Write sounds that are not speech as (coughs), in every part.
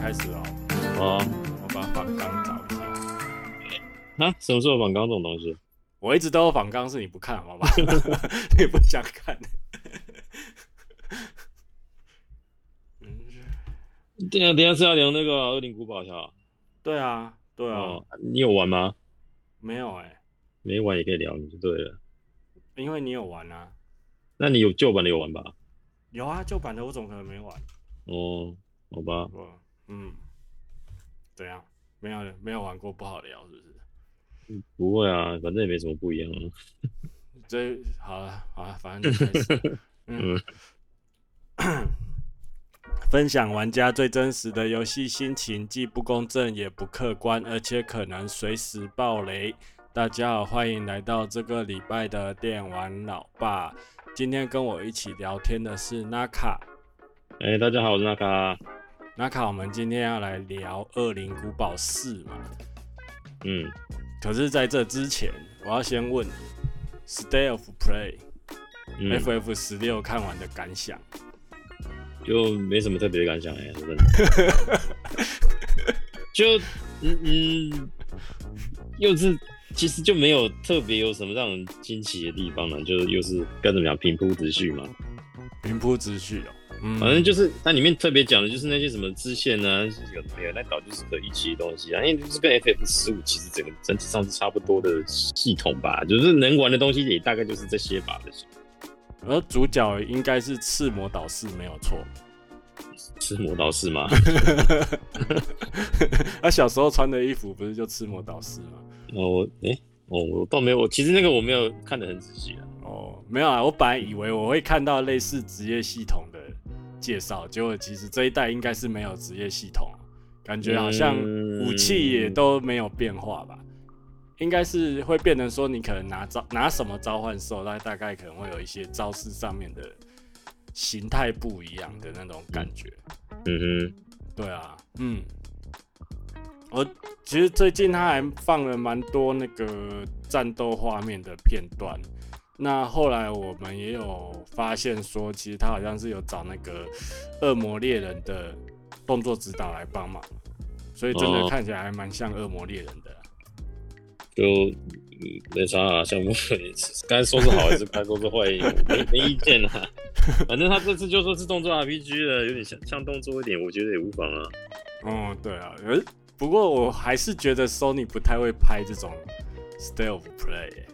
開始了。哦，我把房管找一下。啊，什麼時候房管這種東西？我一直都有房管，是你不看好吧？你 (laughs) (laughs) (laughs) 不想看。嗯， (laughs) 等下等下是要聊那個《惡靈古堡》啊？對啊，對啊、哦。你有玩嗎？沒有哎、欸。沒玩也可以聊你，就對了。因為你有玩啊。那你有舊版的有玩吧？有啊，舊版的我怎麼可能沒玩？哦，好吧。嗯，怎樣？沒有沒有玩過不好聊是不是？嗯，不會啊，反正也沒什麼不一樣啊。這 (laughs) 好了好了，反正就開始，嗯，嗯， (coughs) 分享玩家最真實的遊戲心情，既不公正也不客觀，而且可能隨時爆雷。大家好，歡迎來到這個禮拜的電玩老爸。今天跟我一起聊天的是 n 納卡。哎、欸，大家好，我是納卡。那卡，我們今天要來聊《惡靈古堡四》嘛？嗯，可是，在這之前，我要先問你《Stay of Play、嗯》FF 十六看完的感想，就沒什麼特別的感想哎、欸，真的。 (laughs) 就嗯嗯，又是其實就沒有特別有什麼讓人驚奇的地方嘛、啊，就是又是該怎麼講，平鋪直敘嘛，平鋪直敘哦嗯、反正就是它裡面特別講的，就是那些什麼支線呢、啊？有沒有？那搞就是個一期的東西啊，因為就是跟 F F 十五其實整個整體上是差不多的系統吧，就是能玩的東西也大概就是這些吧。而、哦、主角應該是赤魔導士沒有錯，赤魔導士嗎？ (laughs) (laughs) 他小時候穿的衣服不是就赤魔導士嗎？哦，哎、欸，哦，我倒沒有，我其實那個我沒有看得很仔細啊。哦，沒有啊，我本來以為我會看到類似職業系統的。介紹，結果其實這一代應該是沒有職業系統，感覺好像武器也都沒有變化吧。嗯、應該是會變成說，你可能拿招拿什麼召喚獸，那大，大概可能會有一些招式上面的形態不一樣的那種感覺。嗯，嗯哼，對啊，嗯。我其實最近他還放了蠻多那個戰鬥畫面的片段。那後來我們也有發現說，其實他好像是有找那個《惡魔獵人》的動作指導來幫忙，所以真的看起來還蠻像、啊《惡魔獵人》的。就、嗯、沒啥啊，像剛才說是好，還是剛才說是壞， (laughs) 沒沒意見啊。反正他這次就說是動作 RPG 了，有點像像動作一點，我覺得也無妨啊。哦，對啊，呃，不過我還是覺得 Sony 不太會拍這種 State of Play，、欸、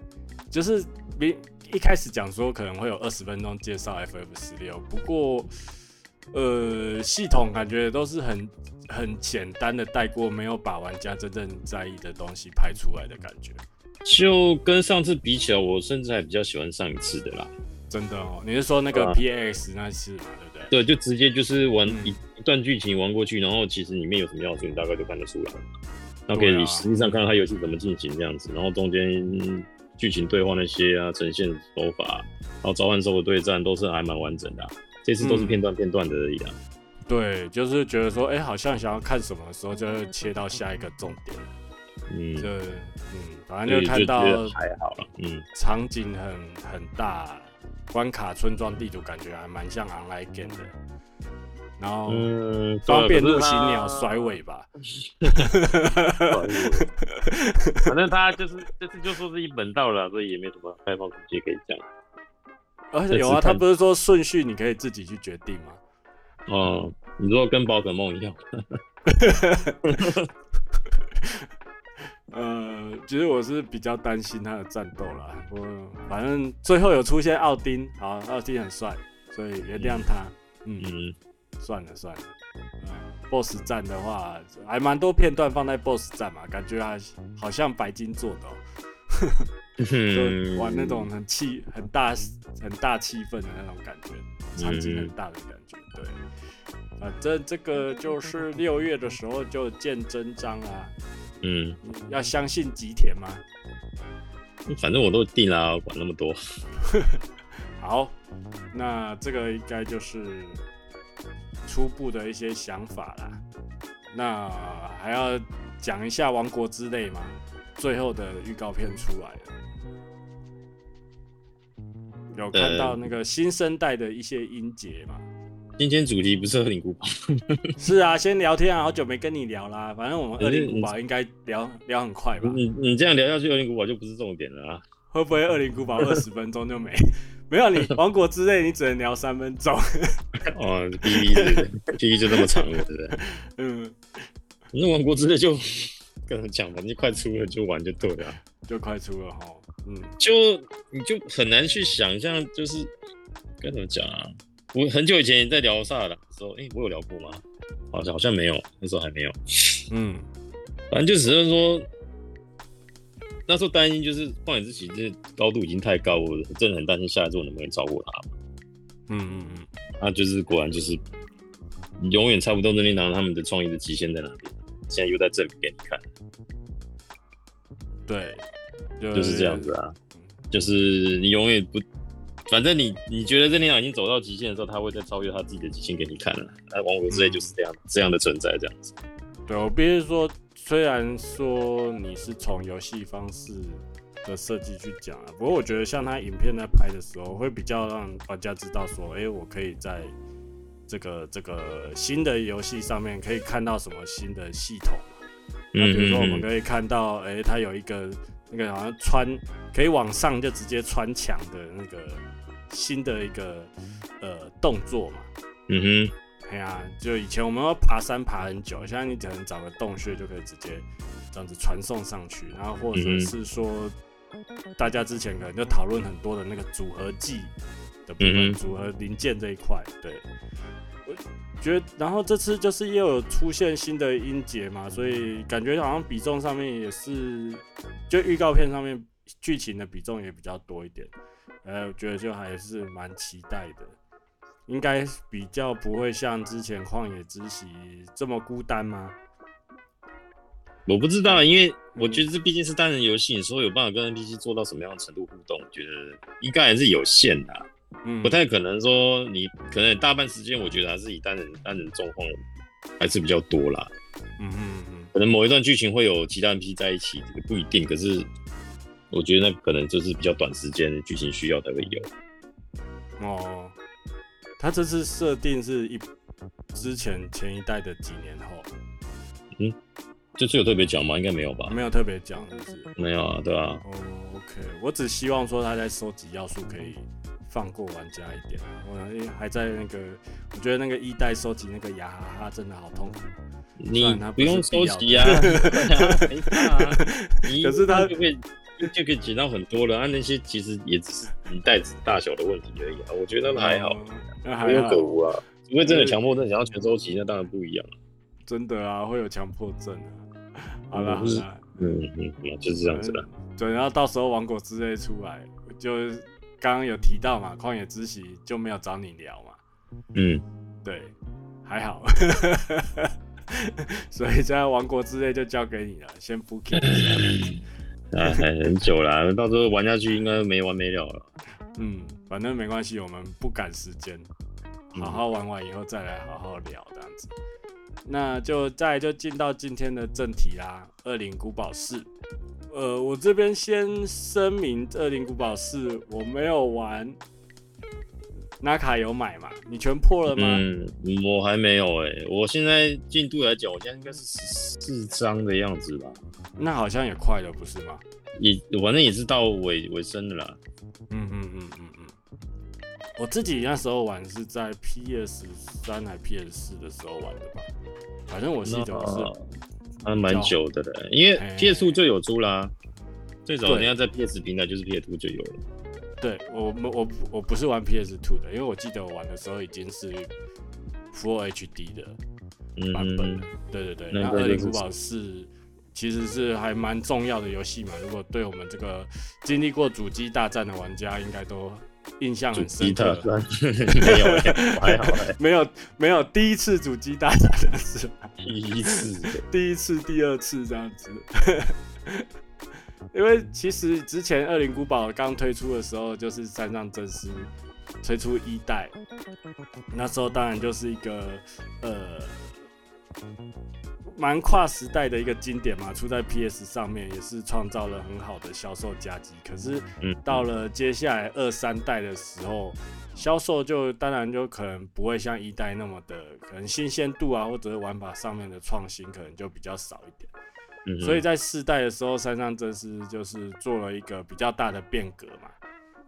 就是比。一開始講說可能會有二十分鐘介紹 FF 十六，不過，呃，系統感覺都是很很簡單的帶過，沒有把玩家真正在意的東西拍出來的感覺。就跟上次比起來，我甚至還比較喜歡上一次的啦。真的哦，你是說那個 PX 那次嘛、啊，對不對？對，就直接就是玩一段劇情玩過去、嗯，然後其實裡面有什麼要素，你大概就看得出來。那可以，你實際上看到他遊戲怎麼進行這樣子，然後中間。劇情對話那些啊，呈現手法，然後召喚獸的對戰都是還蠻完整的，啊，這次都是片段片段的樣，啊嗯。對，就是覺得說，哎，欸，好像想要看什麼時候就會切到下一個重點。嗯，對，嗯，反正就看到就還好，嗯，場景很很大，關卡村莊地圖感覺還蠻像《Online》的。然後，裝變色旗鳥甩尾吧，嗯 (laughs) 不好意思。反正他就是就是就說是一本道了，所以也沒什麼開放世界可以講。而且有啊，他不是說順序你可以自己去決定嗎？嗯，哦，你說跟寶可夢一樣， (laughs) (laughs) 呃，其實我是比較擔心他的戰鬥啦。我反正最後有出現奧丁，好，哦，奧丁很帥，所以原諒他。嗯。嗯算了算了，嗯、boss 戰的話還蠻多片段放在 boss 戰嘛，感覺還好像白金做的，哦，呵 (laughs) 就玩那種很氣很大很大氣氛的那種感覺，場景很大的感覺，對，嗯、反正這個就是六月的時候就見真章啊，嗯，要相信吉田嘛，反正我都定了，我管那麼多， (laughs) 好，那這個應該就是。初步的一些想法啦，那還要講一下《王國之淚》嘛，最後的預告片出來了，有看到那個新生代的一些音節嘛？今天主題不是惡靈古堡， (laughs) 是啊，先聊天啊，好久沒跟你聊啦，反正我們惡靈古堡應該聊聊很快吧？你你這樣聊下去，惡靈古堡就不是重點了啊？會不會惡靈古堡二十分鐘就沒？ (laughs) (laughs) 沒有你王國之淚你只能聊三分鐘。哦、 (laughs) oh,，嗶嗶對對，嗶嗶就那麼長了，對不對？嗯，反正王國之淚就跟他講吧，你快出了就玩就對了，就快出了哈。嗯，就你就很難去想象，就是該怎麼講啊？我很久以前在聊薩爾達的時候，哎、欸，我有聊過嗎？好像好像沒有，那時候還沒有。嗯，反正就只是說。那時候擔心就是曠野之息，這高度已經太高了，我真的很擔心下一次能不能超過他。嗯嗯嗯，那、嗯嗯、就是果然就是永遠猜不到任天堂他們的創意的極限在哪裡，現在又在這裡給你看。對，就、就是這樣子啊，就是你永遠不，反正你你覺得任天堂已經走到極限的時候，他會再超越他自己的極限給你看的、啊。那王國之淚就是這樣、嗯、這樣的存在，這樣子。對，我必須說。雖然說你是從遊戲方式的設計去講啊，不過我覺得像他影片在拍的時候，會比較讓玩家知道說，誒、欸，我可以在這個這個新的遊戲上面可以看到什麼新的系統啊。嗯嗯，那比如說我們可以看到，誒、欸，他有一個那個好像穿可以往上就直接穿牆的那個新的一個呃動作嘛。嗯哼。哎呀、啊，就以前我們要爬山爬很久，現在你只能找個洞穴就可以直接這樣子傳送上去，然後或者是說，大家之前可能就討論很多的那個組合技的部分、嗯、組合零件這一塊。對。我覺得，然後這次就是又有出現新的音節嘛，所以感覺好像比重上面也是，就預告片上面劇情的比重也比較多一點。呃，我覺得就還是蠻期待的。應該比較不會像之前《曠野之息》這麼孤單嗎？我不知道，因為我覺得這畢竟是單人遊戲，嗯。你說有辦法跟 NPC 做到什麼樣的程度互動？我覺得應該還是有限的啊，嗯，不太可能說你可能大半時間，我覺得還是以單人單人狀況還是比較多啦。嗯嗯嗯，可能某一段劇情會有其他 NPC 在一起，這個不一定。可是我覺得那可能就是比較短時間劇情需要才會有。哦。他這次設定是一之前前一代的幾年後，嗯，這次有特別講嗎？應該沒有吧？沒有特別講，沒有啊，對吧？OK，我只希望說他在收集要素可以放過玩家一點，我還在那個，我覺得那個一代收集那個牙哈哈真的好痛苦，你，他不，你不用收集啊， (laughs) 對啊 (laughs) 啊 (laughs) 可是他就可以減到很多了啊！那些其實也只是你袋子大小的問題而已啊，我覺得那還好，可有可無啊。如果真的強迫症想要全收集，那當然不一樣了。真的啊，會有強迫症啊。好了好了，嗯嗯，嗯，就是這樣子了。對，然後到，到時候王國之淚出來，就剛剛有提到嘛，曠野之息就沒有找你聊嘛。嗯，對，還好。 (laughs) 所以現在王國之淚就交給你了，先不給。 (laughs) 哎 (laughs) 很久了、啊，到時候玩下去應該沒完沒了了。嗯，反正沒關係，我們不趕時間，好好玩完以後再來好好聊這樣子。嗯、那就再來就進到今天的正題啦，《惡靈古堡四》。呃，我這邊先聲明，《惡靈古堡四》我沒有玩，拿卡有買嘛？你全破了嗎？嗯，我還沒有哎、欸，我現在進度來講，我現在應該是十四張的樣子吧。那好像也快了，不是嗎？你，反正也是到尾尾聲的啦。嗯嗯嗯嗯嗯。我自己那時候玩是在 PS 三還 PS 四的時候玩的吧？反正我記得是還蠻、啊、久的了，因為 PS Two 就有出啦。最、欸、早你要在 PS 平台就是 PS Two 就有了。對我我我我不是玩 PS Two 的，因為我記得我玩的時候已經是 Full HD 的版本了、嗯。對對對，然後那後，靈古堡是。其實是還蠻重要的遊戲嘛，如果對我們這個經歷過主機大戰的玩家，應該都印象很深刻。沒有， (laughs) 沒有，沒有。第一次主機大戰，就是第一次，第一次、第二次這樣子。 (laughs) 因為其實之前《惡靈古堡》剛推出的時候，就是三上真司推出一代，那時候當然就是一個呃。蠻跨時代的一個經典嘛，出在 PS 上面，也是創造了很好的銷售佳績。可是，到了接下來二三代的時候，嗯、銷售就當然就可能不會像一代那麼的，可能新鮮度啊，或者玩法上面的創新可能就比較少一點，嗯。所以在四代的時候，三上真司就是做了一個比較大的變革嘛。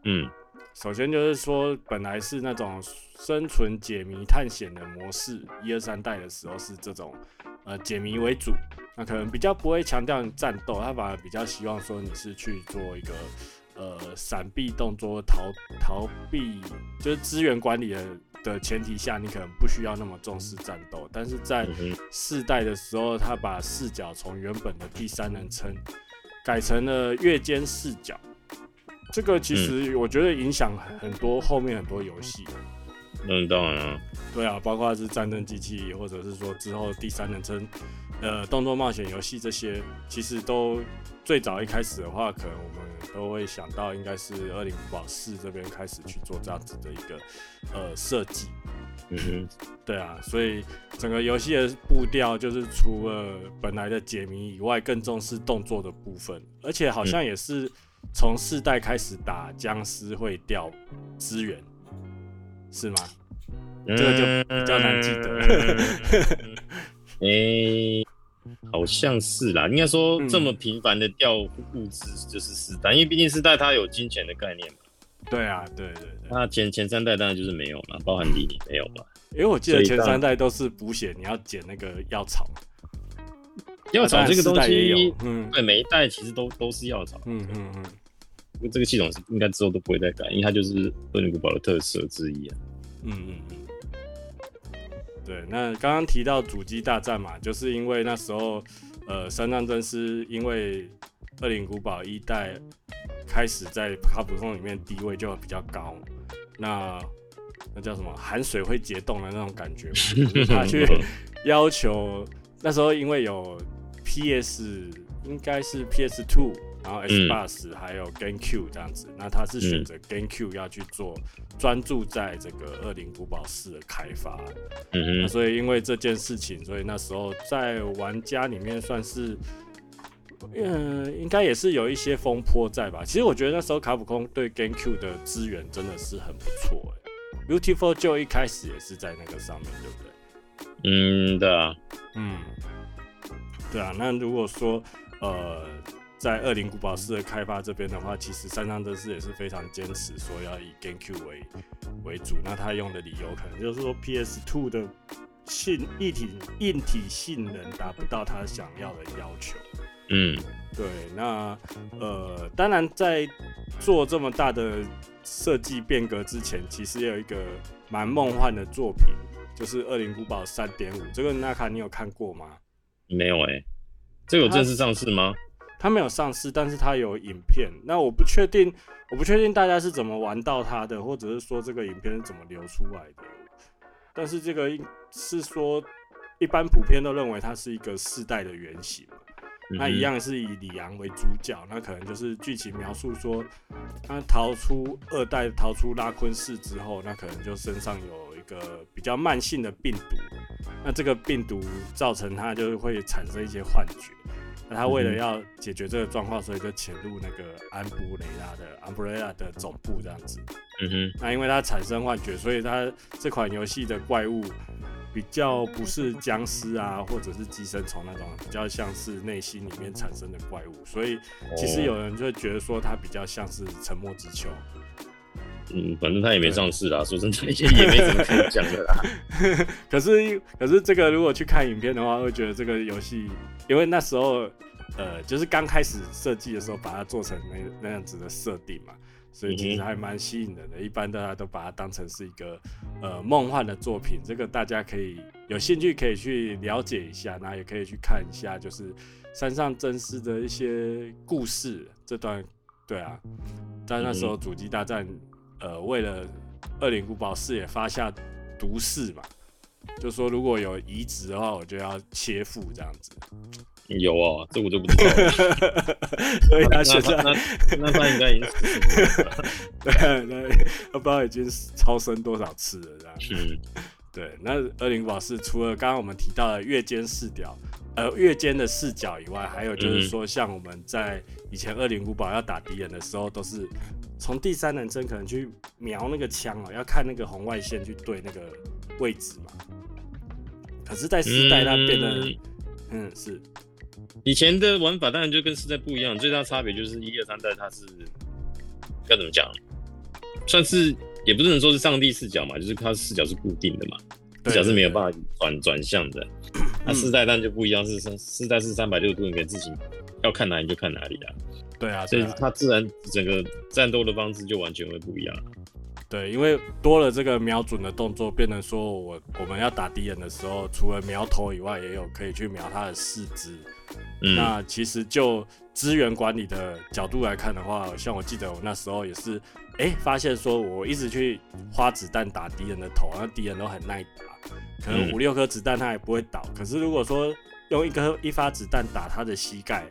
嗯。首先就是說，本來是那種生存解謎探險的模式，一二三代的時候是這種，呃，解謎為主，那可能比較不會強調戰鬥，他反而比較希望說你是去做一個呃閃避動作、逃逃避，就是資源管理的的前提下，你可能不需要那麼重視戰鬥。但是在四代的時候，他把視角從原本的第三人稱改成了越肩視角。這個其實我覺得影響很多，後面很多遊戲。嗯，當然。對啊，包括是戰爭機器，或者是說之後第三人稱，呃，動作冒險遊戲這些，其實都最早一開始的話，可能我們都會想到應該是二零零五這邊開始去做這樣子的一個呃設計。嗯對啊，所以整個遊戲的步調就是除了本來的解謎以外，更重視動作的部分，而且好像也是。從四代開始打殭屍會掉資源，是嗎、嗯？這個就比較難記得。誒、嗯 (laughs) 欸，好像是啦。應該說這麼頻繁的掉物資就是四代，嗯、因為畢竟四代它有金錢的概念嘛。對啊，對對對。那前前三代當然就是沒有了，包含迷你沒有吧？因、欸、為我記得前三代都是補血，你要撿那個藥草。要草這個東西，對，每一代其實都都是要草，嗯嗯嗯。不這個系統是應該之後都不會再改，因為它就是二零古堡的特色之一啊。嗯嗯嗯。對，那剛剛提到主機大戰嘛，就是因為那時候，呃，三藏尊司因為二零古堡一代開始在卡普松裡面地位就比較高，那那叫什麼？寒水會解凍的那種感覺嘛，就是、他去 (laughs) 要求那時候因為有。PS 應該是 PS2，然後 Xbox、嗯、還有 GameCube 這樣子，那他是選擇 GameCube 要去做專注在這個《惡靈古堡四》的開發的。嗯，嗯，所以因為這件事情，所以那時候在玩家裡面算是，嗯、呃，應該也是有一些風波在吧？其實我覺得那時候卡普空對 GameCube 的資源真的是很不錯、欸。Beautiful Joe 就一開始也是在那個上面，對不對？嗯，對啊。嗯。對啊，那如果說，呃，在《惡靈古堡》四的開發這邊的話，其實三張德斯也是非常堅持說要以 GameCube 為為主，那他用的理由可能就是說 PS Two 的性一體硬體性能達不到他想要的要求。嗯，對。那呃，當然在做這麼大的設計變革之前，其實也有一個蠻夢幻的作品，就是《惡靈古堡》三點五，這個 NAKA 你有看過嗎？沒有哎、欸，這個有正式上市嗎？它沒有上市，但是它有影片。那我不確定，我不確定大家是怎麼玩到它的，或者是說這個影片是怎麼流出來的。但是這個是說，一般普遍都認為它是一個四代的原型。那一樣是以里昂為主角，那可能就是劇情描述說，他逃出二代，逃出拉昆市之後，那可能就身上有一個比較慢性的病毒，那這個病毒造成他就會產生一些幻覺，那他為了要解決這個狀況，所以就潛入那個安布雷拉的，安布雷拉的總部這樣子。嗯哼，那因為他產生幻覺，所以他這款遊戲的怪物，比較不是殭屍啊，或者是寄生蟲那種，比較像是內心裡面產生的怪物，所以其實有人就會覺得說它比較像是沉默之丘。哦。嗯，反正它也沒上市啦。啊，說真的也，也沒什麼可以講的啦。 (laughs) 可是，可是這個如果去看影片的話，會覺得這個遊戲，因為那時候呃，就是剛開始設計的時候，把它做成那那樣子的設定嘛。所以其實還蠻吸引人的，一般大家都把它當成是一個呃夢幻的作品，這個大家可以有興趣可以去了解一下，那也可以去看一下，就是三上真司的一些故事。這段對啊，在那時候主機大戰，呃，為了惡靈古堡4也發下毒誓嘛，就說如果有移植的話，我就要切腹這樣子。有哦，這我就不知道了。所以他現在，那他應該迎。 (laughs) 對，那不知道已經超生多少次了？這樣是。對，那二零五寶是除了剛剛我們提到的越肩視角，呃，越肩的視角以外，還有就是說，像我們在以前二零五寶要打敵人的時候，都是從第三人稱可能去瞄那個槍啊、喔，要看那個紅外線去對那個位置嘛。可是在，在四代它變得，嗯，是。以前的玩法，當然就跟四代不一樣，最大差別就是一二三代它是該怎麼講，算是也不能說是上帝視角嘛，就是它的視角是固定的嘛，視角是沒有辦法轉轉向的。那、嗯啊、四代當然就不一樣，是四代是三百六十度，你可以自己要看哪裡就看哪裡啊。對啊，對啊，所以它自然整個戰鬥的方式就完全會不一樣。對，因為多了這個瞄準的動作，變成說我我們要打敵人的時候，除了瞄頭以外，也有可以去瞄他的四肢。嗯、那其實就資源管理的角度來看的話，像我記得我那時候也是，誒、欸，發現說我一直去花子彈打敵人的頭，那敵人都很耐打，可能五六顆子彈他也不會倒。可是如果說用一顆一發子彈打他的膝蓋。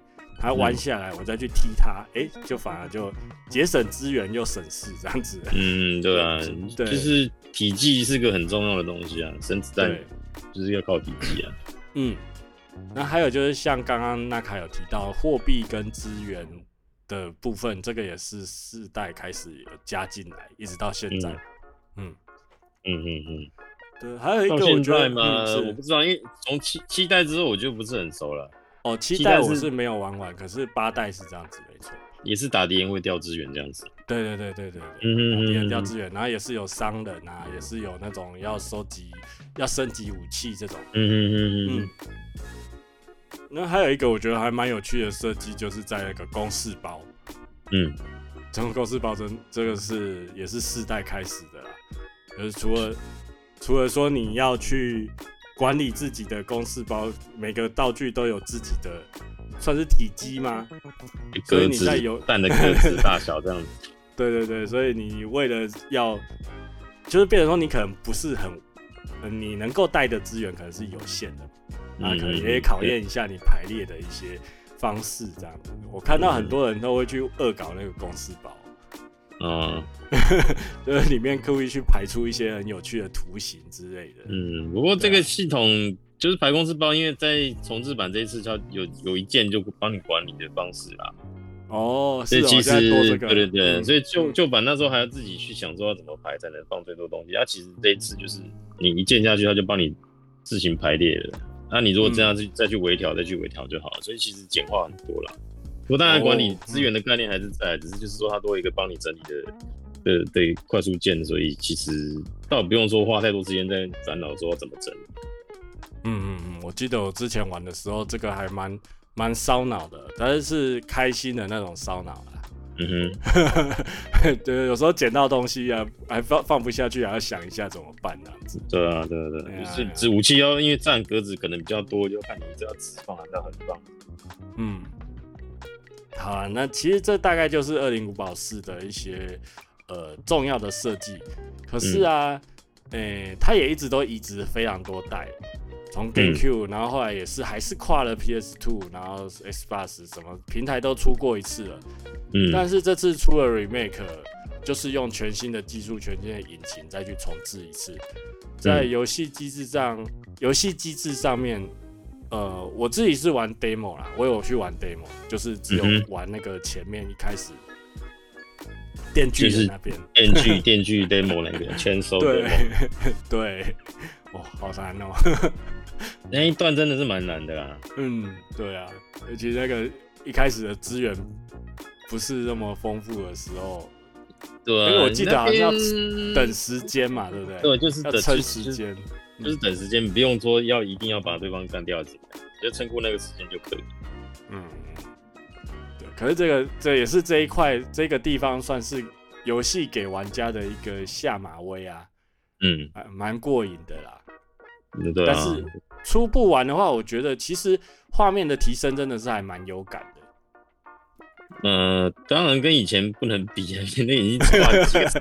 他玩下來，我再去踢他，哎、嗯欸，就反而就節省資源又省事，這樣子。嗯，對啊，對，就是體積是個很重要的東西啊，省子彈就是要靠體積啊。嗯，那還有就是像剛剛娜卡有提到貨幣跟資源的部分，這個也是四代開始有加進來，一直到現在。嗯嗯嗯嗯，對，還有一個我覺得到現在嗎？我不知道，因為從七七代之後我就不是很熟了。哦，七代我是沒有玩完，是可是八代是這樣子，沒錯，也是打敵人會掉資源這樣子，對對對對對，嗯嗯，敵人掉資源，然後也是有商人啊，嗯、也是有那種要收集，要升級武器這種，嗯嗯嗯嗯，那還有一個我覺得還蠻有趣的設計，就是在那個公事包，嗯，整個公事包真這個是也是四代開始的啦，就是除了除了說你要去。管理自己的公事包，每個道具都有自己的，算是體積嗎？個所以你在有蛋的格子大小這樣子。 (laughs) 對對對，所以你為了要，就是變成說你可能不是很，你能夠帶的資源可能是有限的，那、嗯啊、可以也考驗一下你排列的一些方式這樣子。我看到很多人都會去惡搞那個公事包。嗯， (laughs) 就是裡面可以去排出一些很有趣的圖形之類的。嗯，不過這個系統就是排公司包，因為在重置版這一次它有有一鍵就幫你管理的方式啦。哦，所以其實多、這個、對、對對對，所以舊舊、嗯、版那時候還要自己去想說要怎麼排才能放最多東西，它、啊、其實這一次就是你一鍵下去，它就幫你自行排列了。那、啊、你如果這樣子再去微調、嗯、再去微調就好了，所以其實簡化很多了。我當然，管理資源的概念還是在，哦嗯、只是就是說它多一個幫你整理的，呃，對，快速鍵，所以其實倒不用說花太多時間在煩惱說怎麼整。嗯嗯嗯，我記得我之前玩的時候，這個還蠻蠻燒腦的，但是是開心的那種燒腦嗯哼， (laughs) 對，有時候撿到東西啊，還放放不下去，還要想一下怎麼辦，那樣子。對啊，對啊對、啊、對、啊，其、就是武器要因為占格子可能比較多，就看你這要直放還是橫放。嗯。好、啊，那其實這大概就是《惡靈古堡四》的一些呃重要的設計。可是啊，誒、嗯，它、欸、也一直都移植非常多代，從 GameCube、嗯、然後後來也是還是跨了 PS2，然後 Xbox，什麼平台都出過一次了。嗯。但是這次出了 Remake 了就是用全新的技術、全新的引擎再去重置一次，在遊戲機制上，遊戲機制上面。呃，我自己是玩 demo 啦，我有去玩 demo，就是只有玩那個前面一開始，嗯、電鋸是那邊，就是、電鋸 (laughs) 電鋸 demo 那個 (laughs) 全收對對，哇、哦，好難哦， (laughs) 那一段真的是蠻難的啊，嗯，對啊，而且那個一開始的資源不是那麼豐富的時候，對，因為我記得好像要等時間嘛，對不對？對，就是要等時間。就是就是等時間，不用說要一定要把對方幹掉，就撐過那個時間就可以。嗯，對。可是這個這也是這一塊這個地方算是遊戲給玩家的一個下馬威啊。嗯，啊、蠻過癮的啦。嗯、對對、啊。但是初步玩的話，我覺得其實畫面的提升真的是還蠻有感。呃，當然跟以前不能比啊，現在已經換機了，了。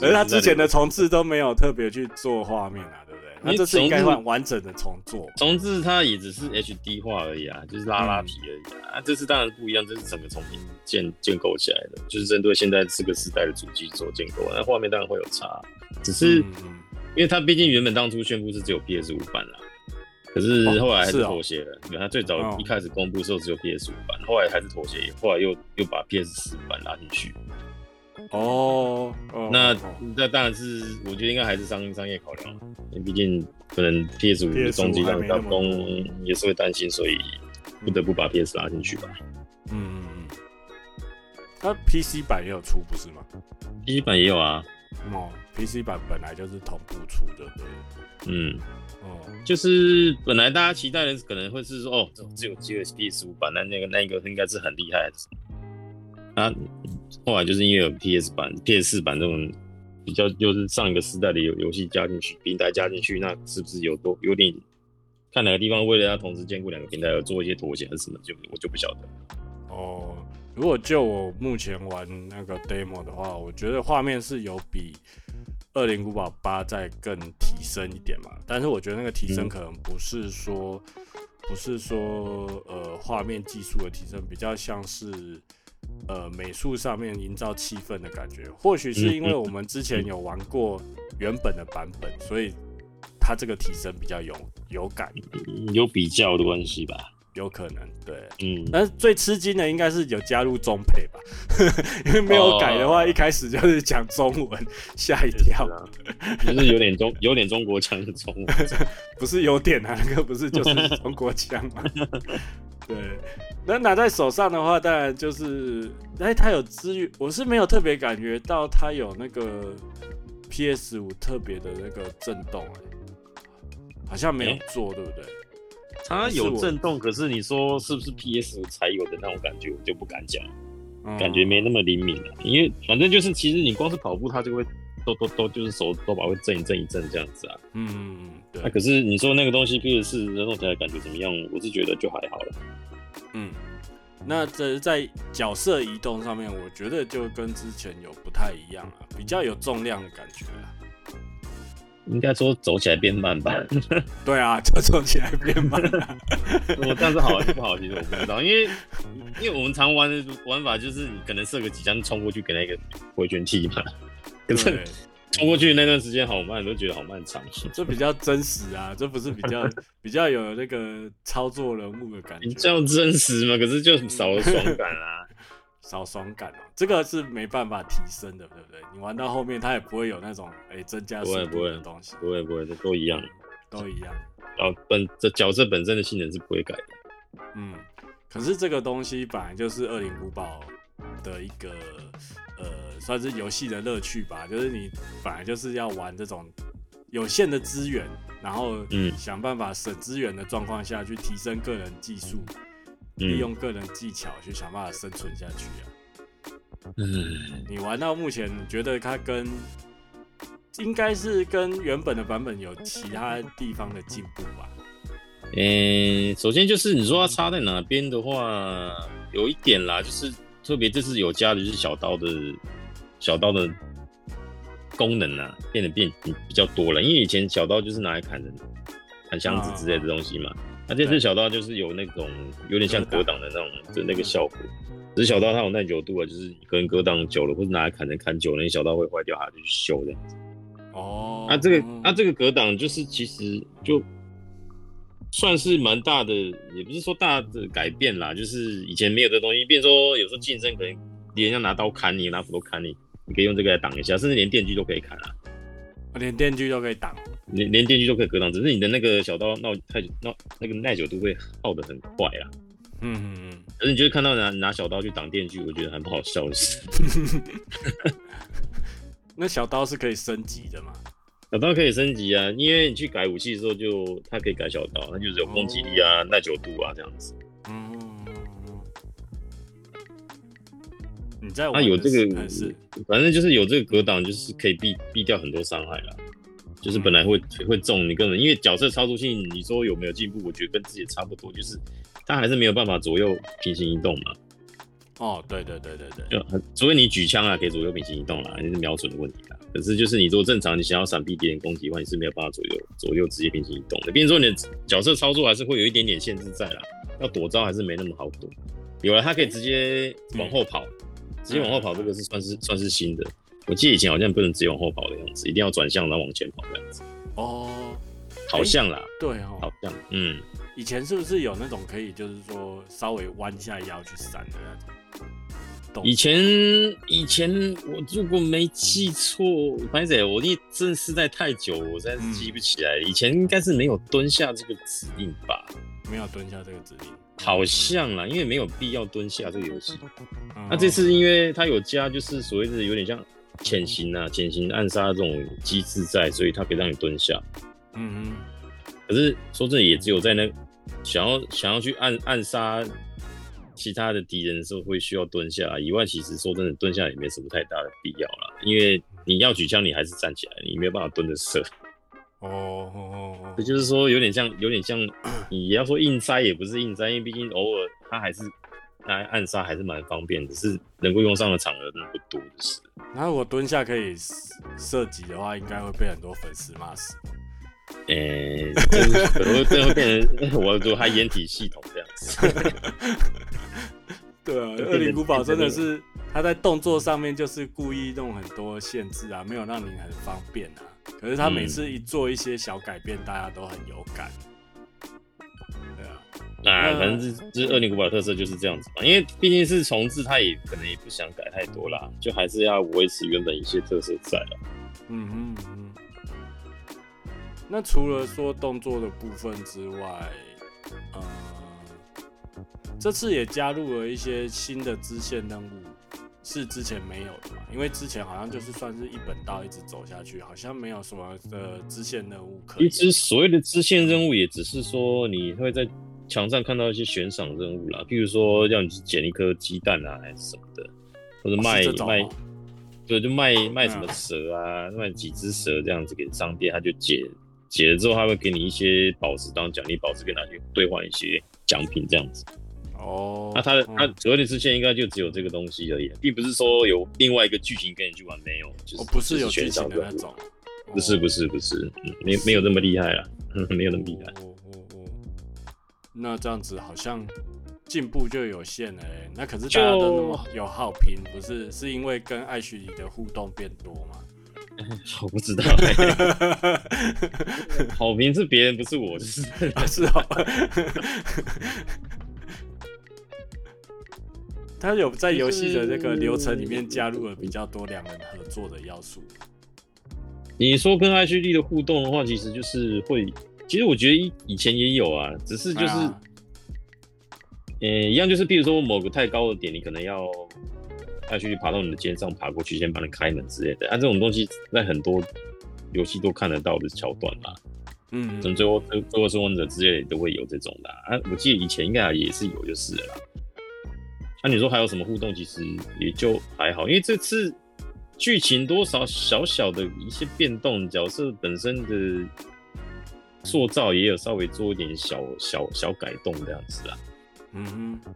而他之前的重置都沒有特別去做畫面啊，對不對？那這次應該算完整的重做。重置它也只是 HD 化而已啊，就是拉拉皮而已啊。嗯、啊，這次當然不一樣，這是整個重新建建構起來的，就是針對現在這個時代的主機做建構，那、啊、畫面當然會有差。只是、嗯、因為它畢竟原本當初宣布是只有 PS 五版啦。可是後來還是妥協了。你、哦、看，是哦、因為他最早一開始公布的時候只有 PS 五版、哦，後來還是妥協，後來又又把 PS 四版拉進去。哦，那哦哦那當然是，我覺得應該還是商商業考量，因為畢竟可能 PS 五的終極量加工也是會擔心，所以不得不把 PS 拉進去吧。嗯嗯嗯，那 PC 版也有出不是嗎？PC 版也有啊。嗯、哦。P C 版本來就是同步出的，對，嗯，哦、嗯，就是本來大家期待的可能會是說，哦，只有只有 P S 五版，那那個那個應該是很厲害，啊，後來就是因為有 P S 版、P S 四版這種比較，就是上一個世代的遊遊戲加進去，平台加進去，那個、是不是有多有點看哪個地方為了要同時兼顧兩個平台而做一些妥協，還是什麼？就我就不曉得，哦。如果就我目前玩那個 demo 的話，我覺得畫面是有比惡靈古堡8再更提升一點嘛。但是我覺得那個提升可能不是說、嗯、不是說呃畫面技術的提升，比較像是呃美術上面營造氣氛的感覺。或許是因為我們之前有玩過原本的版本，嗯、所以它這個提升比較有有感，有比較的關係吧。有可能對，嗯，但是最吃驚的應該是有加入中配吧， (laughs) 因為沒有改的話，oh, oh, oh, oh, oh. 一開始就是講中文，嚇一跳，但是,、啊、 (laughs) 是有點中有點中國腔的中文， (laughs) 不是有點啊，那個不是就是中國腔嘛 (laughs) 對，那拿在手上的話，當然就是，哎，他有資源，我是沒有特別感覺到他有那個 PS 五特別的那個震動、欸，哎，好像沒有做，欸、對不對？它有震動可，可是你說是不是 PS 才有的那種感覺，我就不敢講、嗯，感覺沒那麼靈敏了、啊。因為反正就是，其實你光是跑步，它就會都都都就是手手把會震一震一震這樣子啊。嗯對。那、啊、可是你說那個東西，就是人動起來的感覺怎麼樣？我是覺得就還好了。嗯，那這在角色移動上面，我覺得就跟之前有不太一樣啊，比較有重量的感覺啊。應該說走起來變慢吧。 (laughs) 對啊，就走起來變慢了。 (laughs) 我這樣子好是不好，其實我不知道，因為因為我們常玩的玩法就是可能射個幾槍衝過去給那個回旋踢嘛。可是衝過去那段時間好慢，嗯，都覺得好漫長。這比較真實啊，這不是比較 (laughs) 比較有那個操作人物的感覺，啊。這樣真實嘛，可是就少了爽感啊。嗯 (laughs) 少爽感嘛，這個是沒辦法提升的，對不對？你玩到後面，它也不會有那種誒增加會的東西，不會不會，都都一樣，都一樣。然、嗯、後本這角色本身的性能是不會改的。嗯，可是這個東西本來就是《惡靈古堡》的一個呃，算是遊戲的樂趣吧，就是你本來就是要玩這種有限的資源，然後嗯，想辦法省資源的狀況下去提升個人技術。嗯利用個人技巧去想辦法生存下去啊！嗯，你玩到目前覺得它跟應該是跟原本的版本有其他地方的進步吧？嗯，首先就是你說它差在哪邊的話，有一點啦，就是特別就是有加的就是小刀的小刀的功能啊，變得變得比較多了，因為以前小刀就是拿來砍人，砍箱子之類的東西嘛。啊那、啊、這次小刀，就是有那種有點像格擋的那種的、嗯、那個效果。只是、嗯、小刀它有耐久度啊，就是可能格擋久了，或者拿來砍人砍久了，那小刀會壞掉，他就去修這樣子。哦，那、啊、這個，那、啊、這個格擋就是其實就算是蠻大的、嗯，也不是說大的改變啦，就是以前沒有的東西。比如說有時候近身可能敵人要拿刀砍你，拿斧頭砍你，你可以用這個來擋一下，甚至連電鋸都可以砍啊，連電鋸都可以擋。連連電鋸都可以格擋，只是你的那個小刀鬧太久，鬧那個耐久度會耗得很快啊。嗯嗯嗯。而且你就是看到拿拿小刀去擋電鋸，我覺得很不好笑的是。 (laughs) (laughs) 那小刀是可以升級的嗎？小刀可以升級啊，因為你去改武器的時候就，就它可以改小刀，那就是有攻擊力啊、哦、耐久度啊這樣子。嗯。你在那有這個還是，反正就是有這個格擋，就是可以避避掉很多傷害啦。就是本來會會重，你根本因為角色操作性，你說有沒有進步？我覺得跟自己差不多，就是他還是沒有辦法左右平行移動嘛。哦，對對對對對，就除非你舉槍啊，可以左右平行移動啦、啊，你是瞄準的問題啦、啊。可是就是你如果正常，你想要閃避敵人攻擊的話，你是沒有辦法左右左右直接平行移動的。比如說你的角色操作還是會有一點點限制在啦，要躲招還是沒那麼好躲。有了，他可以直接往後跑、嗯，直接往後跑這個是算是、嗯、算是新的。我記得以前好像不能直接往後跑的樣子，一定要轉向然後往前跑的樣子。哦，好像啦、欸。對哦，好像。嗯，以前是不是有那種可以就是說稍微彎下腰去閃的那種？以前以前我如果沒記錯，反正我這真實在太久，我實在是記不起來、嗯。以前應該是沒有蹲下這個指令吧？沒有蹲下這個指令，好像啦，因為沒有必要蹲下這個遊戲、嗯哦。那這次因為它有加，就是所謂的有點像。潛行啊，潛行暗殺這種機制在，所以它可以讓你蹲下。嗯哼。可是說真的，也只有在那想要想要去暗暗殺其他的敵人的時候，會需要蹲下。以外，其實說真的，蹲下也沒什麼太大的必要了，因為你要舉槍，你還是站起來，你沒有辦法蹲着射。哦哦哦。也就是說，有點像，有點像。你要說硬塞也不是硬塞，因為畢竟偶爾他還是。那暗殺還是蠻方便的，只是能夠用上的場合那不多是的。然後我蹲下可以射擊的話，應該會被很多粉絲罵死。哎、欸，最後最後變成我躲他掩體系統這樣子。 (laughs) 對啊，惡靈古堡真的是他、那個，在動作上面就是故意弄很多限制啊，沒有讓你很方便啊。可是他每次一做一些小改變，嗯、大家都很有感。啊，反正這這《惡靈古堡》的特色就是這樣子嘛，因為畢竟是重置，他也可能也不想改太多啦，就還是要維持原本一些特色在了。嗯哼，嗯哼。那除了說動作的部分之外，呃、嗯，這次也加入了一些新的支線任務，是之前沒有的嘛？因為之前好像就是算是一本道一直走下去，好像沒有什麼的支線任務可以。一直所謂的支線任務，也只是說你會在。牆上看到一些懸賞任務啦，比如說讓你去撿一顆雞蛋啊，還是什麼的，或者賣、哦、賣，對，就賣、嗯、賣什麼蛇啊，嗯、賣幾隻蛇這樣子給商店，他就解解了之後，他會給你一些寶石當，當獎勵寶石給他拿去兌換一些獎品這樣子。哦，那他、嗯、他主要的支線應該就只有這個東西而已，並不是說有另外一個劇情跟你去玩沒有？就是、哦、不是有懸賞任務？不是不是不是，沒、嗯、沒有那麼厲害啦，沒有那麼厲害， (laughs) 害。哦那這樣子好像進步就有限了，欸，那可是大家都那麼有好評，不是是因為跟艾許莉的互動變多嗎？我，嗯、不知道，欸、 (laughs) (laughs) (laughs) 好評是別人不是我是、 (laughs) 哦、是好，哦。 (laughs) (laughs) (laughs) 他有在遊戲的那個流程裡面加入了比較多兩人合作的要素。你說跟艾許莉的互動的話，其實就是會。其實我覺得以以前也有啊，只是就是，嗯、啊欸，一樣就是，比如說某個太高的點，你可能要要去爬到你的肩上爬過去，先幫你開門之類的。啊，這種東西在很多遊戲都看得到的橋段嘛。嗯，嗯，從最後《最後生還者》之類都會有這種的啊。啊，我記得以前應該也是有，就是了。啊，你說還有什麼互動？其實也就還好，因為這次劇情多少小小的一些變動，角色本身的。塑造也有稍微做一點小小小改動這樣子啊，嗯哼，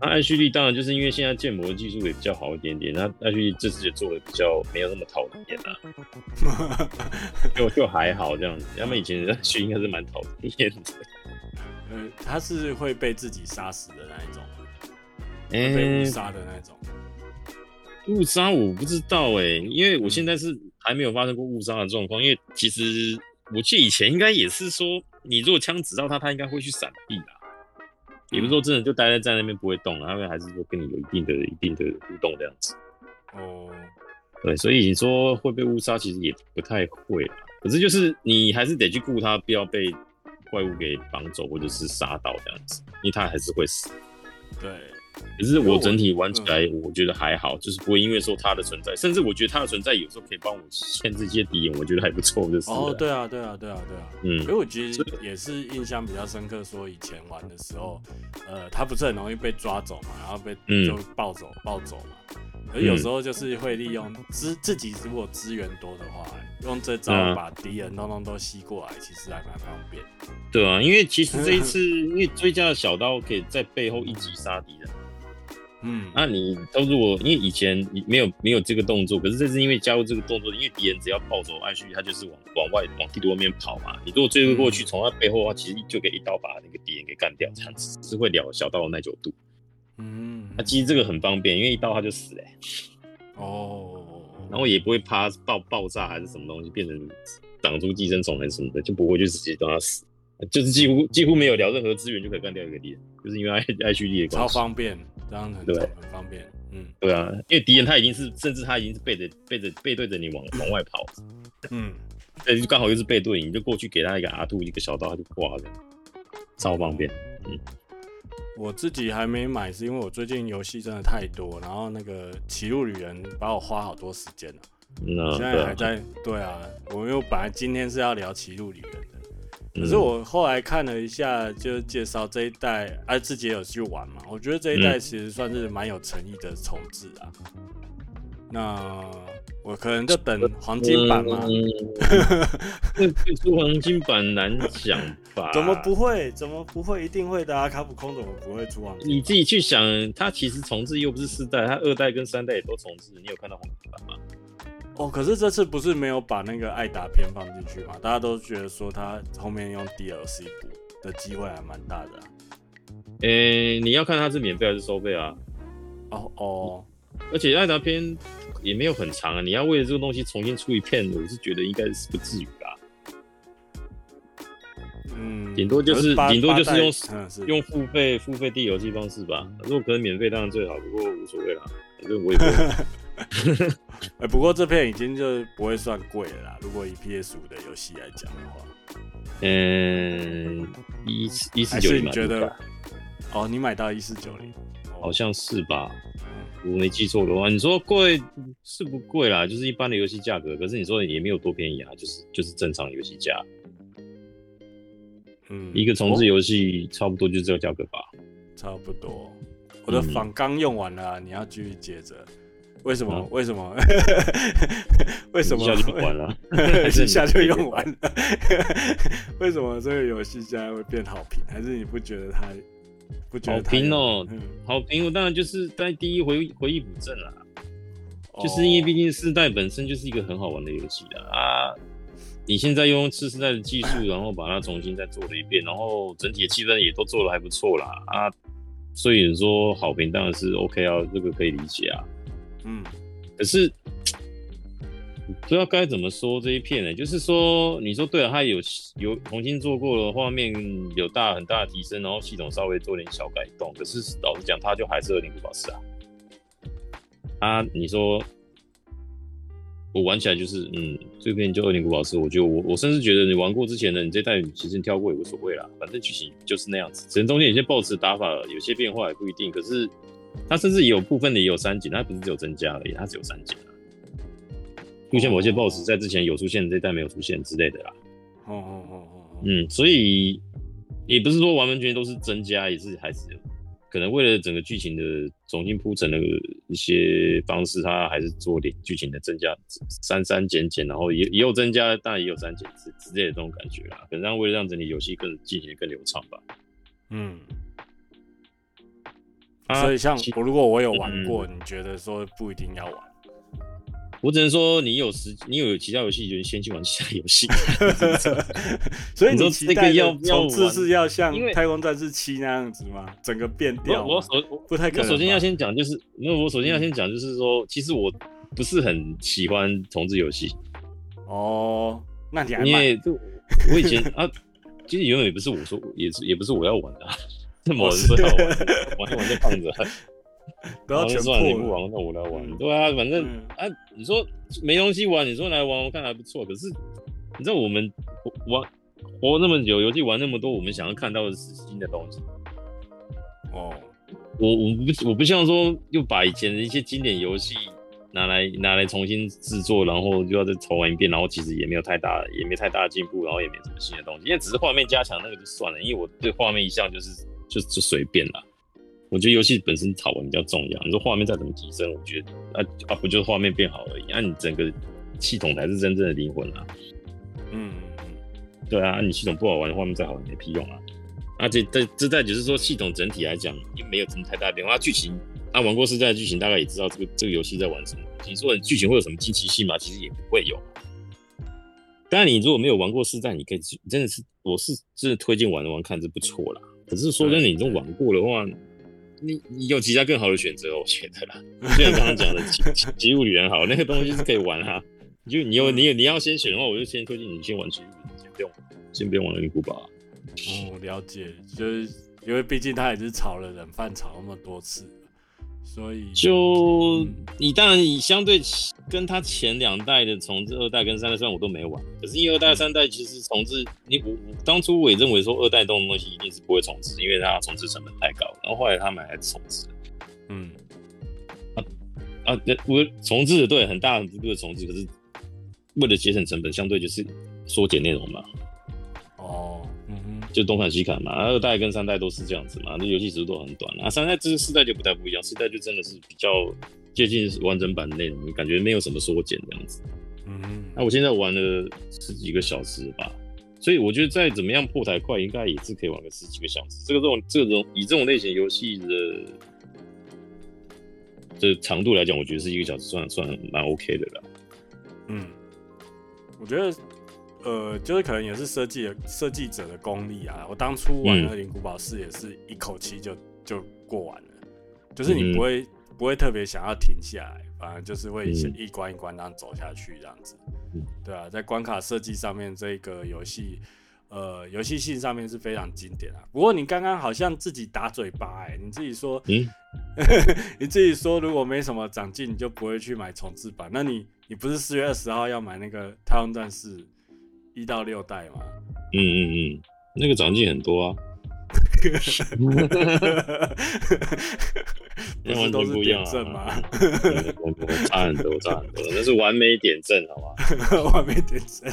那艾旭力當然就是因為現在建模技術也比較好一點點，那艾旭力這次也做的比較沒有那麼討厭啦， (laughs) 就就還好這樣子，要不然以前艾旭應該是蠻討厭的，他是會被自己殺死的那一種，欸、被誤殺的那一種，誤殺我不知道哎、欸，因為我現在是還沒有發生過誤殺的狀況，因為其實。我記得以前應該也是說，你如果槍指到他，他應該會去閃避啦。也不是說真的就待在站那邊不會動啦，他們還是說跟你有一定的，一定的互動這樣子。哦，嗯，對，所以你說會被誤殺，其實也不太會啦。可是就是你還是得去顧他，不要被怪物給綁走或者是殺到這樣子，因為他還是會死。對。可是我整體玩起來，我覺得還好、嗯，就是不會因為說它的存在，甚至我覺得它的存在有時候可以幫我牽制一些敵人，我覺得還不錯。就是哦，對啊，對啊，對啊，對啊，嗯。因為我覺得也是印象比較深刻，說以前玩的時候，呃，他不是很容易被抓走嘛，然後被、嗯、就暴走暴走嘛。而有時候就是會利用資、嗯、自己如果資源多的話，用這招把敵人通通都吸過來、啊，其實還蠻方便。對啊，因為其實這一次、嗯、因為、因為追加的小刀可以在背後一擊殺敵人。嗯，那、啊、你都如果因為以前沒有沒有這個動作，可是這是因為加入這個動作，因為敵人只要暴走艾旭，他就是往往外往地圖外面跑嘛。你如果追過去，從、嗯、他背後的話，其實就可以一刀把那個敵人給幹掉，這樣子是會聊小刀的耐久度。嗯，那、啊、其實這個很方便，因為一刀他就死了，欸。哦，然後也不會怕爆爆炸還是什麼東西，變成長出寄生蟲還是什麼的，就不會就直接等他死，就是幾乎幾乎沒有聊任何資源就可以幹掉一個敵人，就是因為艾艾旭的超方便。這樣很對，很方便。嗯，對啊，因為敵人他已經是，甚至他已經是背着背着背對着你往往外跑。 (laughs) 嗯，對，就剛好又是背對你，就過去給他一個 R2 一個小刀，他就掛了，超方便。嗯，我自己還沒買，是因為我最近遊戲真的太多，然後那個《歧路旅人》把我花好多時間了。嗯、啊，現在還在。對啊，對啊，我們又本來今天是要聊《歧路旅人》。可是我後來看了一下，就介紹這一代，哎、啊，自己也有去玩嘛？我覺得這一代其實算是蠻有誠意的重置啊、嗯。那我可能就等黃金版嘛、啊嗯？呵呵呵，出黃金版難講吧？怎麼不會？怎麼不會？一定會的啊！卡普空怎麼不會出黃金版？你自己去想，它其實重置又不是四代，它二代跟三代也都重置，你有看到黃金版嗎？哦，可是這次不是沒有把那個艾達篇放進去嘛？大家都覺得說他後面用 DLC 補的機會還蠻大的、啊。嗯、欸，你要看他是免費還是收費啊？哦哦、嗯，而且艾達篇也沒有很長啊，你要為了這個東西重新出一片，我是覺得應該是不至於吧？嗯，頂多就是頂、就是、多就是用、嗯、是用付費付費 DLC 遊戲方式吧。如果可能免費當然最好，不過無所謂啦，反正我也不會。 (laughs) 呵呵，哎，不過這片已經就不會算貴了啦。如果以 PS 五的遊戲來講的話，嗯，一四一四九零，欸、你覺得你？哦，你買到一四九零，好像是吧？我沒記錯的話，你說貴是不貴啦？就是一般的遊戲價格，可是你說也沒有多便宜啊，就是就是正常遊戲價。嗯，一個重置遊戲差不多就這個價格吧、哦。差不多，我的房剛用完了，嗯、你要繼續接着。為什麼？為什麼？為什麼？一下就完了，啊， (laughs) 一下就用完了。為什麼這個遊戲現在會變好評？還是你不覺得它不覺得？好評哦，喔，好評我當然就是在第一回回憶補正啦。哦，就是因為畢竟四代本身就是一個很好玩的遊戲啦。啊，你現在用次世代的技術，然後把它重新再做了一遍，然後整體的氣氛也都做得還不錯啦。啊，所以你說好評當然是 OK 啊，這個可以理解啊。嗯，可是不知道該怎麼說，這一片呢、欸，就是說，你說對了，它有有重新做過的畫面，有大很大的提升，然後系統稍微做點小改動。可是老實講，它就還是惡靈古堡4啊。啊，你說我玩起來就是，嗯，這片就惡靈古堡4，我就我我甚至覺得你玩過之前的你這代，其實你跳過也無所謂啦，反正劇情就是那樣子，只能中間有些 Boss 打法有些變化也不一定，可是。它甚至也有部分的也有刪減，它不是只有增加而已，它只有刪減啊。目前某些 boss 在之前有出現的，這、oh, 代沒有出現之類的啦。哦哦哦哦。嗯，所以也不是說完完全全都是增加，也是還是可能為了整個劇情的重新鋪陳的一些方式，它還是做點劇情的增加，刪刪減減，然後也也有增加，當然也有刪減之之類的這種感覺啦。可能讓為了讓整體遊戲更進行更流暢吧。嗯。啊、所以像我，如果我有玩過、嗯，你覺得說不一定要玩，我只能說你有時你有其他遊戲，你就先去玩其他遊戲。 (laughs) (laughs) (laughs) 所以你，你說這個要要，就是要像《太空戰士七》那樣子嗎？整個變掉？我我，我不太可能。首先要先講，就是那我，我首先要先講，就是說、嗯，其實我不是很喜歡重置遊戲。哦，那你你也我以前 (laughs) 啊，其實永遠也不是我說，也是也不是我要玩的、啊。什麼我都要玩，玩玩胖子。不要 (laughs) 就，玩就全了算了，你不玩，那、嗯、我來玩。對啊，反正、嗯、啊，你說沒東西玩，你說你來玩，我看還不錯。可是你知道我們玩玩那麼久，遊戲玩那麼多，我們想要看到的是新的東西。哦，我我不我不希望說又把以前的一些經典遊戲拿來拿來重新制作，然後又要再重玩一遍，然後其實也沒有太大，也沒太大進步，然後也沒什麼新的東西。因為只是畫面加強，那個就算了，因為我對畫面一向就是。就就隨便啦，我覺得遊戲本身炒玩比較重要。你說畫面再怎麼提升，我覺得啊啊不就是畫面變好而已。那、啊、你整個系統才是真正的靈魂啦。嗯，對啊，啊你系統不好玩，畫面再好也沒屁用啦啊。而且這這在只是說系統整體來講也沒有什麼太大變化。劇、啊、情，那、啊、玩過四代的劇情大概也知道這個這個遊戲在玩什麼。你說劇情會有什麼驚奇性嗎？其實也不會有。當然，你如果沒有玩過四代，你可以你真的是我是真的推薦玩一玩看，是不錯啦。可是說真的，你已經玩過的話，你你有其他更好的選擇，我覺得啦。雖然剛剛講的極極武好，那個東西是可以玩啊。就你有、嗯、你有你要先選的話，我就先推薦你先玩極武先不用先不用玩靈古堡。哦、嗯，了解，就是因為畢竟他也是炒了冷飯炒那麼多次。所以，就、嗯、你當然，你相對跟他前兩代的重置，二代跟三代，算我都沒玩。可是，因為二代、嗯、三代其實重置，你我我當初我也認為說，二代這種東西一定是不會重置，因為它重置成本太高。然後後來他們還重置了，嗯，啊啊，我重置對，很大程度的重置，可是為了節省成本，相對就是縮減內容嘛，哦。就東砍西砍嘛，二代跟三代都是這樣子嘛，那遊戲時長都很短啊。那三代這四代就不太不一樣，四代就真的是比較接近完整版的那種，感覺沒有什麼縮減這樣子。嗯，那、啊、我現在玩了十幾個小時吧，所以我覺得再怎麼樣破台快，應該也是可以玩個十幾個小時。這個這種這種以這種類型遊戲的這長度來講，我覺得是一個小時算算蠻 OK 的了。嗯，我覺得。呃，就是可能也是設計設計者的功力啊。我當初玩《惡靈古堡四》也是一口氣就就過完了，就是你不會不會特別想要停下來，反正就是會一關一關這樣走下去，這樣子，對啊，在關卡設計上面，這個遊戲呃遊戲性上面是非常經典啊。不過你剛剛好像自己打嘴巴、欸，哎，你自己說，嗯、 (laughs) 你自己說，如果沒什麼長進，你就不會去買重置版。那你你不是四月二十號要買那個《太空戰士》？一到六代嘛，嗯嗯嗯，那個掌機很多啊，哈哈哈哈哈。那完全不一樣啊， (laughs) 差很多，差很多，那是完美點陣，好 (laughs) 吧？完美點陣，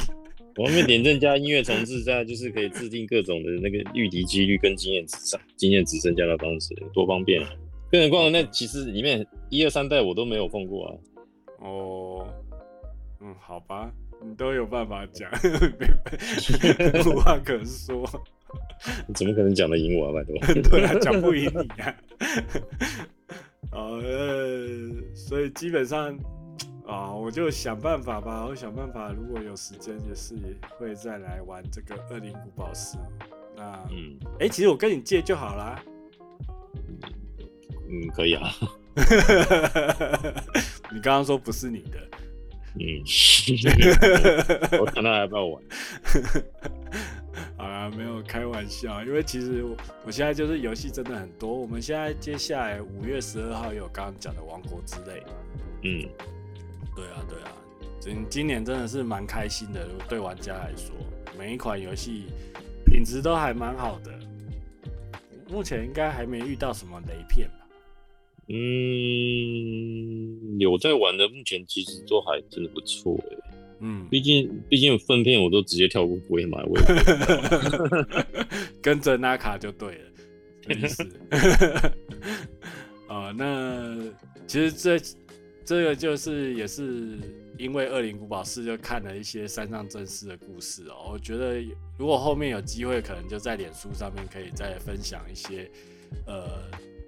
完美點陣加音樂重製加就是可以制定各種的那個遇敵幾率跟經驗值增經驗值增加的方式，多方便啊！個人逛那其實裡面一二三代我都沒有碰過啊。哦、oh，嗯，好吧。你都有辦法講，無話可說。你怎麼可能講得贏我啊，百多？ (laughs) 對啊，講不贏你啊。呃、 (laughs) 哦，所以基本上啊、哦，我就想辦法吧，我想辦法。如果有時間，也是會再來玩這個惡靈古堡。那，哎、嗯欸，其實我跟你借就好啦。嗯，可以啊。 (laughs) 你剛剛說不是你的。嗯， (laughs) 我看到還不要玩。 (laughs) 好了，啊，沒有開玩笑，因為其實我我現在就是遊戲真的很多。我們現在接下來五月十二號有剛剛講的《王國之淚》。嗯，對啊，對啊，今今年真的是蠻開心的，對玩家來說，每一款遊戲品質都還蠻好的。目前應該還沒遇到什麼雷片。嗯，有在玩的，目前其實都還真的不錯誒、欸。嗯，畢竟畢竟分片我都直接跳過不會買，我,也不我也不 (laughs) (laughs) 跟着那卡就對了，真 (laughs) 是意。啊， (laughs) 那其實這這個就是也是因為《惡靈古堡4》就看了一些三上真司的故事哦、喔。我覺得如果後面有機會，可能就在臉書上面可以再分享一些，呃，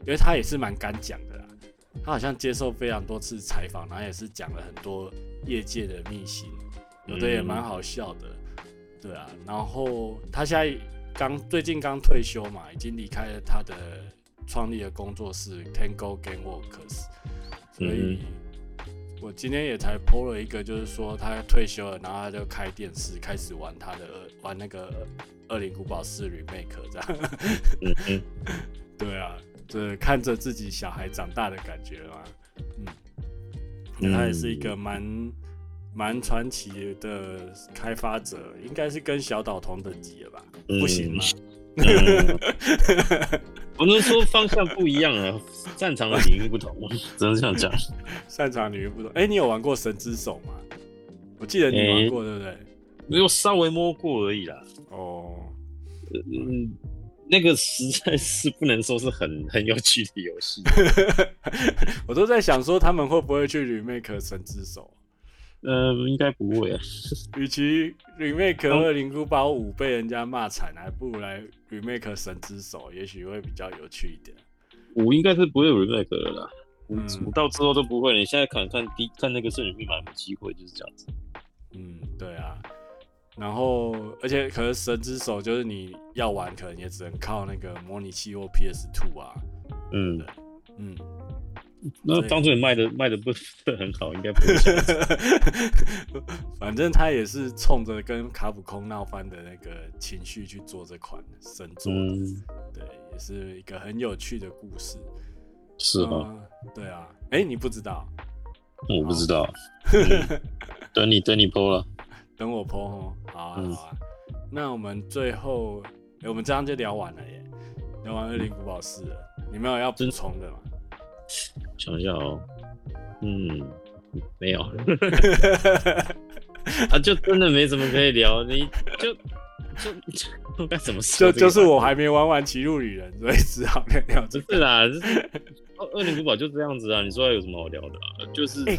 因為他也是蠻敢講的。他好像接受非常多次採訪，然後也是講了很多業界的秘辛，有、嗯、的也蠻好笑的，對啊。然後他現在剛最近剛退休嘛，已經離開了他的創立的工作室 Tango Game Gameworks，所以我今天也才 PO 了一個，就是說他退休了，然後他就開電視開始玩他的玩那個《惡靈古堡4 Remake》這樣，嗯、 (laughs) 對啊。是看着自己小孩長大的感覺嘛？嗯，他也是一個蠻蠻傳奇的開發者，應該是跟小島同等級了吧？嗯、不行嗎？不、嗯、 (laughs) 能說方向不一樣啊， (laughs) 擅長的領域不同，只能這樣講，擅長領域不同。哎、欸，你有玩過《神之手》嗎？我記得你玩過，對不對、欸？沒有稍微摸過而已啦。哦，嗯。那個實在是不能說是很很有趣的遊戲， (laughs) 我都在想說他們會不會去 remake 神之手，呃，應該不會啊。與其 remake 惡靈古堡五被人家罵慘，嗯，還不如來 remake 神之手，也許會比較有趣一點。五應該是不會 remake 了啦，五，嗯，五到之後都不會。你現在看看第看那個聖女密碼有沒有機會就是這樣子。嗯，對啊。然後，而且可能《神之手》就是你要玩，可能也只能靠那個模擬器或 PS2 啊。嗯嗯，那當初你賣的賣的不是很好，應該不會是。 (laughs) 反正他也是衝着跟卡普空鬧翻的那個情緒去做這款神作。嗯，對，也是一個很有趣的故事。是啊，嗯，對啊。哎，你不知道？我不知道。嗯、 (laughs) 等你等你播了。等我剖好啊好啊、嗯。那我們最後、欸，我們這樣就聊完了耶，聊完《惡靈古堡四》了。你們有要補充的嗎？想一下哦、喔。嗯，沒有。啊 (laughs) 就真的沒什麼可以聊，你就就就該怎麼說？就就、啊、就、就是我還沒玩完《歧路旅人》，所以只好聊聊、這個。真的啦，《惡惡靈古堡》就這樣子啊。你說有什麼好聊的、啊？就是、欸、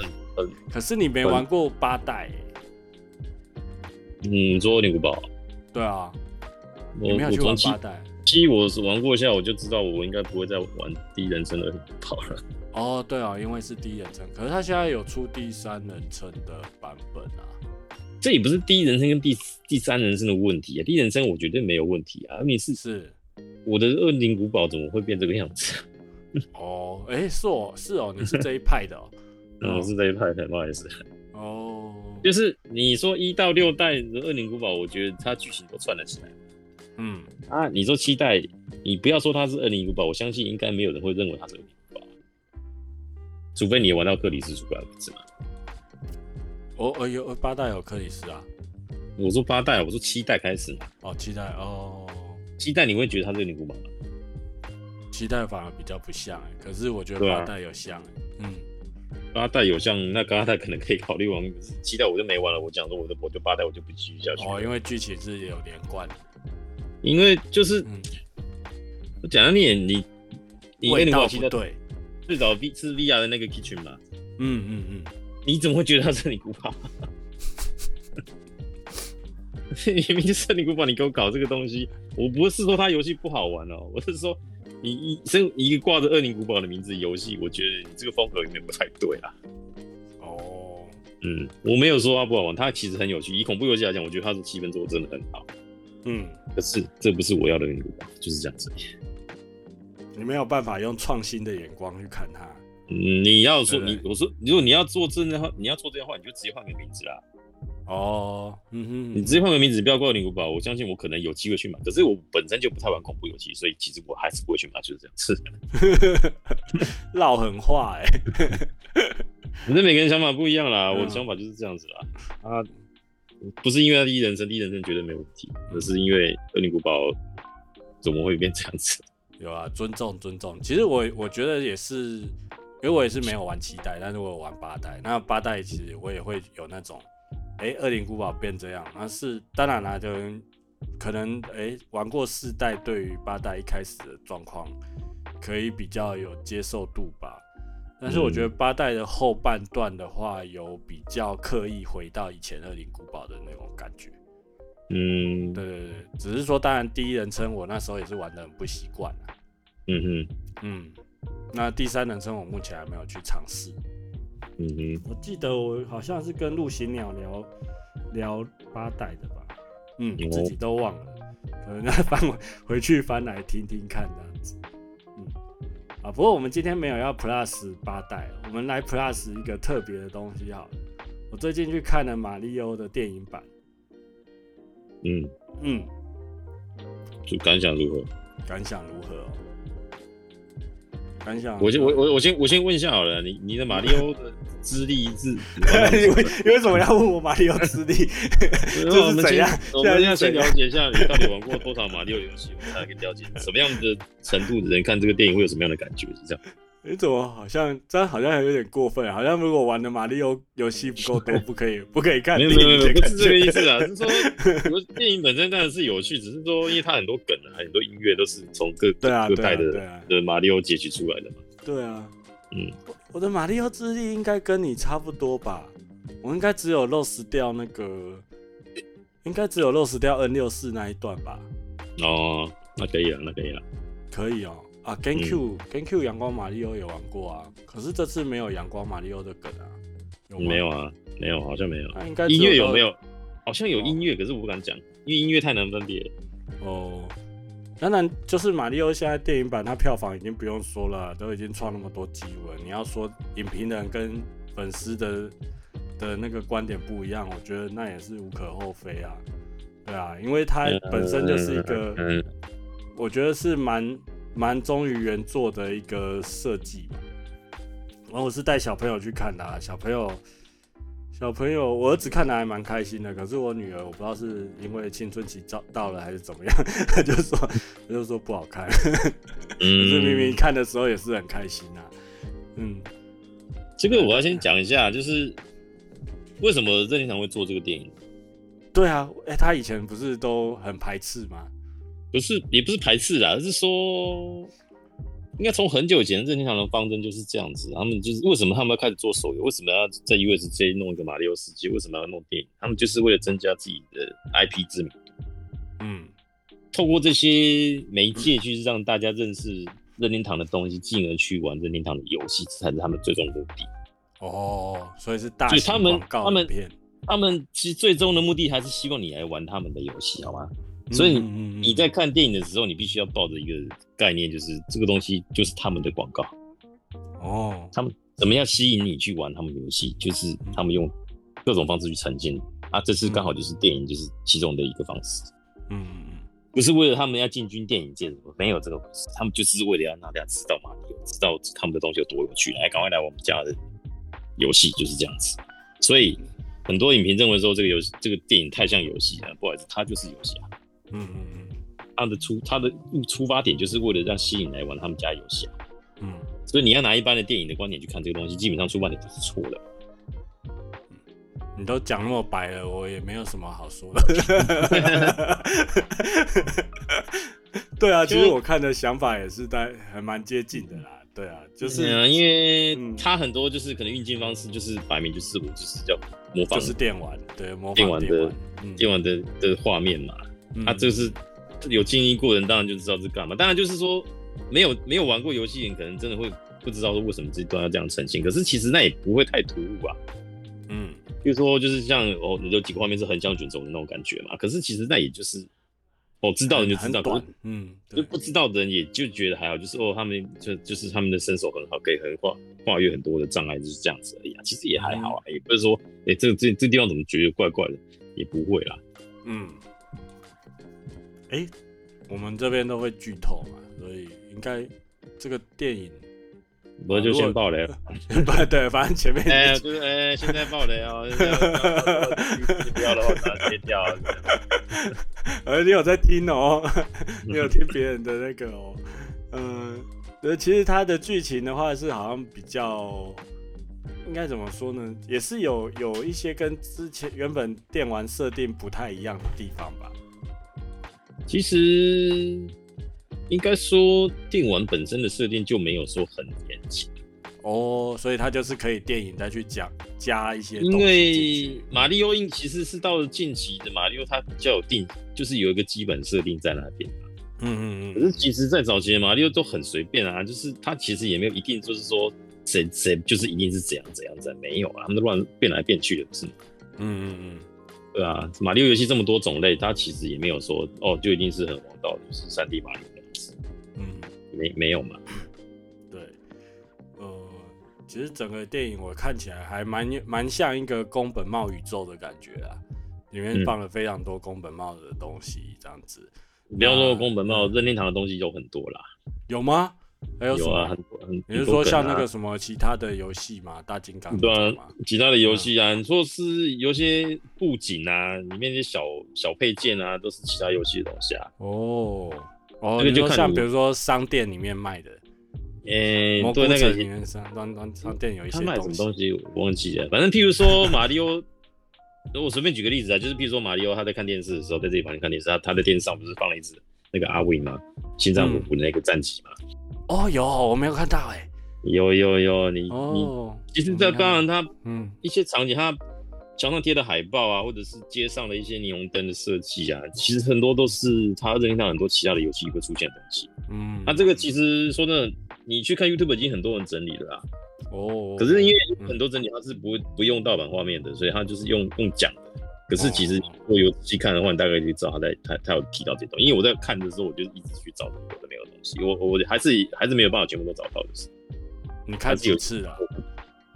可是你沒玩過八代、欸。嗯，惡靈古堡。對啊，我你沒有去玩八代。七，我是玩過一下，我就知道我應該不會再玩第一人稱的跑了。哦、oh,，對啊，因為是第一人稱，可是他現在有出第三人稱的版本啊。這也不是第一人稱跟第第三人稱的問題啊，第一人稱我絕對沒有問題啊，你試試。我的惡靈古堡怎麼會變這個樣子、啊？哦，哎，是哦，是哦、喔，你是這一派的哦、喔。我、 (laughs) 嗯、是這一派的，oh. 不好意思。哦、oh.。就是你說一到六代的惡靈古堡，我覺得它劇情都串了起來。嗯，啊，你說七代，你不要說它是惡靈古堡，我相信應該沒有人會認為它是惡靈古堡，除非你玩到克里斯出來，不是嗎？哦，哎呦，八代有克里斯啊！我說八代，我說七代開始嘛。哦，七代哦，七代你會覺得它是惡靈古堡嗎？七代反而比較不像、欸，可是我覺得八代有像、欸啊，嗯。八代有像，那個八代可能可以考慮玩七代，我就沒玩了。我講說，我的我就八代，我就不繼續下去了。哦，因為劇情是也有連貫的。因為就是，嗯、我講的。你，你你那個我記得對，最早 V 是 VR 的那個 Kitchen 嘛。嗯嗯嗯。你怎麼會覺得他是你古堡？你明明是你古堡，你給我搞這個東西。我不是說他遊戲不好玩哦，我是說。一一這一個掛着《惡靈古堡》的名字遊戲，我覺得你這個風格有點不太對啊。哦、oh.，嗯，我沒有說它不好玩，它其實很有趣。以恐怖遊戲來講，我覺得它的氣氛做得真的很好。嗯，可是這不是我要的《惡靈古堡》，就是這樣子。你沒有辦法用創新的眼光去看它、嗯。你要說對對對你，我說如果你要做這樣的話，你要做這樣的話，你就直接換個名字啊。哦，嗯哼，你直接換個名字，不要怪惡靈古堡。我相信我可能有機會去買，可是我本身就不太玩恐怖遊戲，所以其實我還是不會去買，就是這樣子。 (laughs) (laughs) 烙狠話哎、欸，反 (laughs) 正每個人想法不一樣啦，我的想法就是這樣子啦。Yeah. 啊，不是因為第一人稱，第一人稱絕對沒問題，而是因為惡靈古堡怎麼會變這樣子？有啊，尊重尊重。其實我我覺得也是，因為我也是沒有玩七代，但是我有玩八代。那八代其實我也會有那種。誒、欸，惡靈古堡變這樣，那、啊、是當然啦、啊，就可能誒、欸、玩過四代，對於八代一開始的狀況，可以比較有接受度吧。但是我覺得八代的後半段的話，嗯、有比較刻意回到以前惡靈古堡的那種感覺。嗯，對對對，只是說當然第一人稱我那時候也是玩得很不習慣、啊、嗯哼，嗯，那第三人稱我目前還沒有去嘗試。嗯哼，我記得我好像是跟陸行鳥聊聊八代的吧，嗯、哦，自己都忘了，可能翻回去翻來聽聽看這樣子，嗯，啊，不過我們今天沒有要 Plus 八代，我們來 Plus 一個特別的東西好了，我最近去看了瑪利歐的電影版，嗯嗯，就感想如何？感想如何、喔？感想如何？我先我我我先我先問一下好了，你你的瑪利歐的。 (laughs) 資歷一致，你 (laughs) 為你為什麼要問我馬里奧的資歷？就是怎樣？我們要先了解一下你到底玩過多少馬里奧遊戲，才可以了解什麼樣的程度的人看這個電影會有什麼樣的感覺？是這樣？你、欸、怎麼好像這樣好像有點過分、啊？好像如果玩的馬里奧遊戲不夠多，不可以 (laughs) 不可以看？沒有，不是這個意思啊，是說電影本身當然是有趣，只是說因為它很多梗啊，很多音樂都是從各、對、啊對啊對啊對啊、各代的的馬里奧截取出來的嘛。對啊，嗯。我的馬里奧之力應該跟你差不多吧，我應該只有 loss 掉那個，應該只有 loss 掉 N64 那一段吧。哦，那可以了，那可以了。可以哦，啊，GameCube，GameCube，陽光馬里奧也玩過啊，可是這次沒有陽光馬里奧的梗啊？有、嗯。沒有啊，沒有，好像沒有。啊、應該有音樂有沒有？好像有音樂、哦，可是我不敢講，因為音樂太難分辨。哦。當然，就是瑪利歐現在電影版，它票房已經不用說了，都已經創那麼多紀錄。你要說影評人跟粉絲的的那個觀點不一樣，我覺得那也是無可厚非啊。對啊，因為它本身就是一個，我覺得是蠻蠻忠於原作的一個設計嘛。然後我是帶小朋友去看的啊，小朋友。小朋友，我兒子看的還蠻開心的，可是我女兒，我不知道是因為青春期到到了還是怎麼樣，她就說，她就說不好看。嗯、呵呵，可是明明看的時候也是很開心吶、啊。嗯，這個我要先講一下，就是為什麼任天堂會做這個電影？對啊，哎、欸，他以前不是都很排斥嗎？不是，也不是排斥啦，是說。應該從很久以前，任天堂的方針就是這樣子。他們就是為什麼他們要開始做手遊？為什麼要在 USJ 弄一個馬里奧世界？為什麼要弄電影？他們就是為了增加自己的 IP 知名度。嗯，透過這些媒介去讓大家認識任天堂的東西，進、嗯、而去玩任天堂的遊戲，這才是他們最終的目的。哦，所以是大告就他們他們他們其實最終的目的還是希望你來玩他們的遊戲，好嗎？所以你你在看電影的時候，你必須要抱着一個概念，就是這個東西就是他們的廣告哦。他們怎麼樣吸引你去玩他們的遊戲，就是他們用各種方式去呈現。啊，這次剛好就是電影，就是其中的一個方式。嗯，不是為了他們要進軍電影界，沒有這個，他們就是為了要讓大家知道馬里知道他們的東西有多有趣，來，趕快來我們家的遊戲，就是這樣子。所以很多影評認為說，這個遊戲這個電影太像遊戲了，不好意思，它就是遊戲啊。嗯嗯嗯，他的出他的出發點就是為了讓吸引來玩他們家遊戲，啊，嗯，所以你要拿一般的電影的觀點去看這個東西，基本上出發點就是錯的。你都講那麼白了，我也沒有什麼好說的。 (laughs) (laughs) (laughs) 對啊其、其實我看的想法也是在還蠻接近的啦。對啊，就是、嗯、因為他很多就是可能運鏡方式就是擺明就是我就是叫模仿，就是電玩對模仿電玩，電玩的、嗯、電玩的的畫面嘛。啊、就是，這是有經歷過的人當然就知道是幹嘛。當然就是說，沒有沒有玩過遊戲，你可能真的會不知道說為什麼這段要這樣呈現。可是其實那也不會太突兀吧、啊？嗯，比如說就是像哦，你有幾個畫面是橫向捲軸的那種感覺嘛。可是其實那也就是哦，知道的人就知道，嗯，就不知道的人也就覺得還好，嗯、就是哦，他們就就是他們的身手很好，可以很跨跨越很多的障礙，就是這樣子而已、啊。其實也還好啊，嗯、也不是說哎、欸，這個這這個、地方怎麼覺得怪怪的，也不會啦。嗯。哎、欸，我們這邊都會劇透嘛，所以應該這個電影，我就先爆雷了、啊。 (laughs) 對，反正前面前、欸、就哎、欸，現在爆雷哦。你不要的話，把它 (laughs) 接掉。掉掉 (laughs) 你有在聽哦、喔？你有聽別人的那個哦、喔？呃，其實它的劇情的話是好像比較，應該怎麼說呢？也是有有一些跟之前原本電玩設定不太一樣的地方吧。其實應該說，電玩本身的設定就沒有說很嚴謹哦，所以它就是可以電影再去講加一些。因為馬里奧硬其實是到了近期的嘛，因為它比較有定，就是有一個基本設定在那邊嘛。嗯嗯嗯。可是其實在早期的馬里奧都很隨便啊，就是他其實也沒有一定，就是說誰誰就是一定是怎樣怎樣的，沒有啊，他們都亂變來變去的，不是嗎？嗯嗯嗯。對啊，瑪利歐遊戲這麼多種類，它其實也沒有說哦，就一定是很王道，就是三 D 瑪利歐。嗯，沒沒有嘛？對，呃，其實整個電影我看起來還蠻蠻像一個宮本茂宇宙的感覺啊，裡面放了非常多宮本茂的東西，這樣子。嗯、你不要說宮本茂，任天堂的東西有很多啦，有嗎？還有，有啊，很，很多、啊，比如說像那個什麼其他的遊戲嘛，大金剛。對啊，其他的遊戲啊、嗯，你說是有些布景啊，裡面那些小小配件啊，都是其他遊戲的東西啊。哦，那個、哦，你就像比如說商店裡面賣的，誒、欸，對那個商商商店有一些，他賣什麼東西我忘記了。反正譬如說瑪利歐， (laughs) 我隨便舉個例子啊，就是譬如說瑪利歐他在看電視的時候，在這裡旁邊看電視，他他的電視上不是放了一隻那個阿威嗎？心臟噗噗那個戰旗嗎？嗯哦、oh，有我沒有看到哎、欸，有有有，你、oh, 你其實這當然它，嗯，一些場景，它牆上貼的海報啊，嗯、或者是街上的一些霓虹燈的設計啊，其實很多都是它任天堂很多其他的遊戲會出現的東西。嗯，那、啊、這個其實說真的，你去看 YouTube 已經很多人整理了啦、啊。哦、oh，可是因為很多整理它是不、嗯、不用盜版畫面的，所以它就是用用講的。可是其實我有仔細看的話，你大概就知道他在他他有提到這東西。因為我在看的時候，我就一直去找，多的沒有東西。我我還是還是沒有辦法全部都找到的。你看幾次了？啊？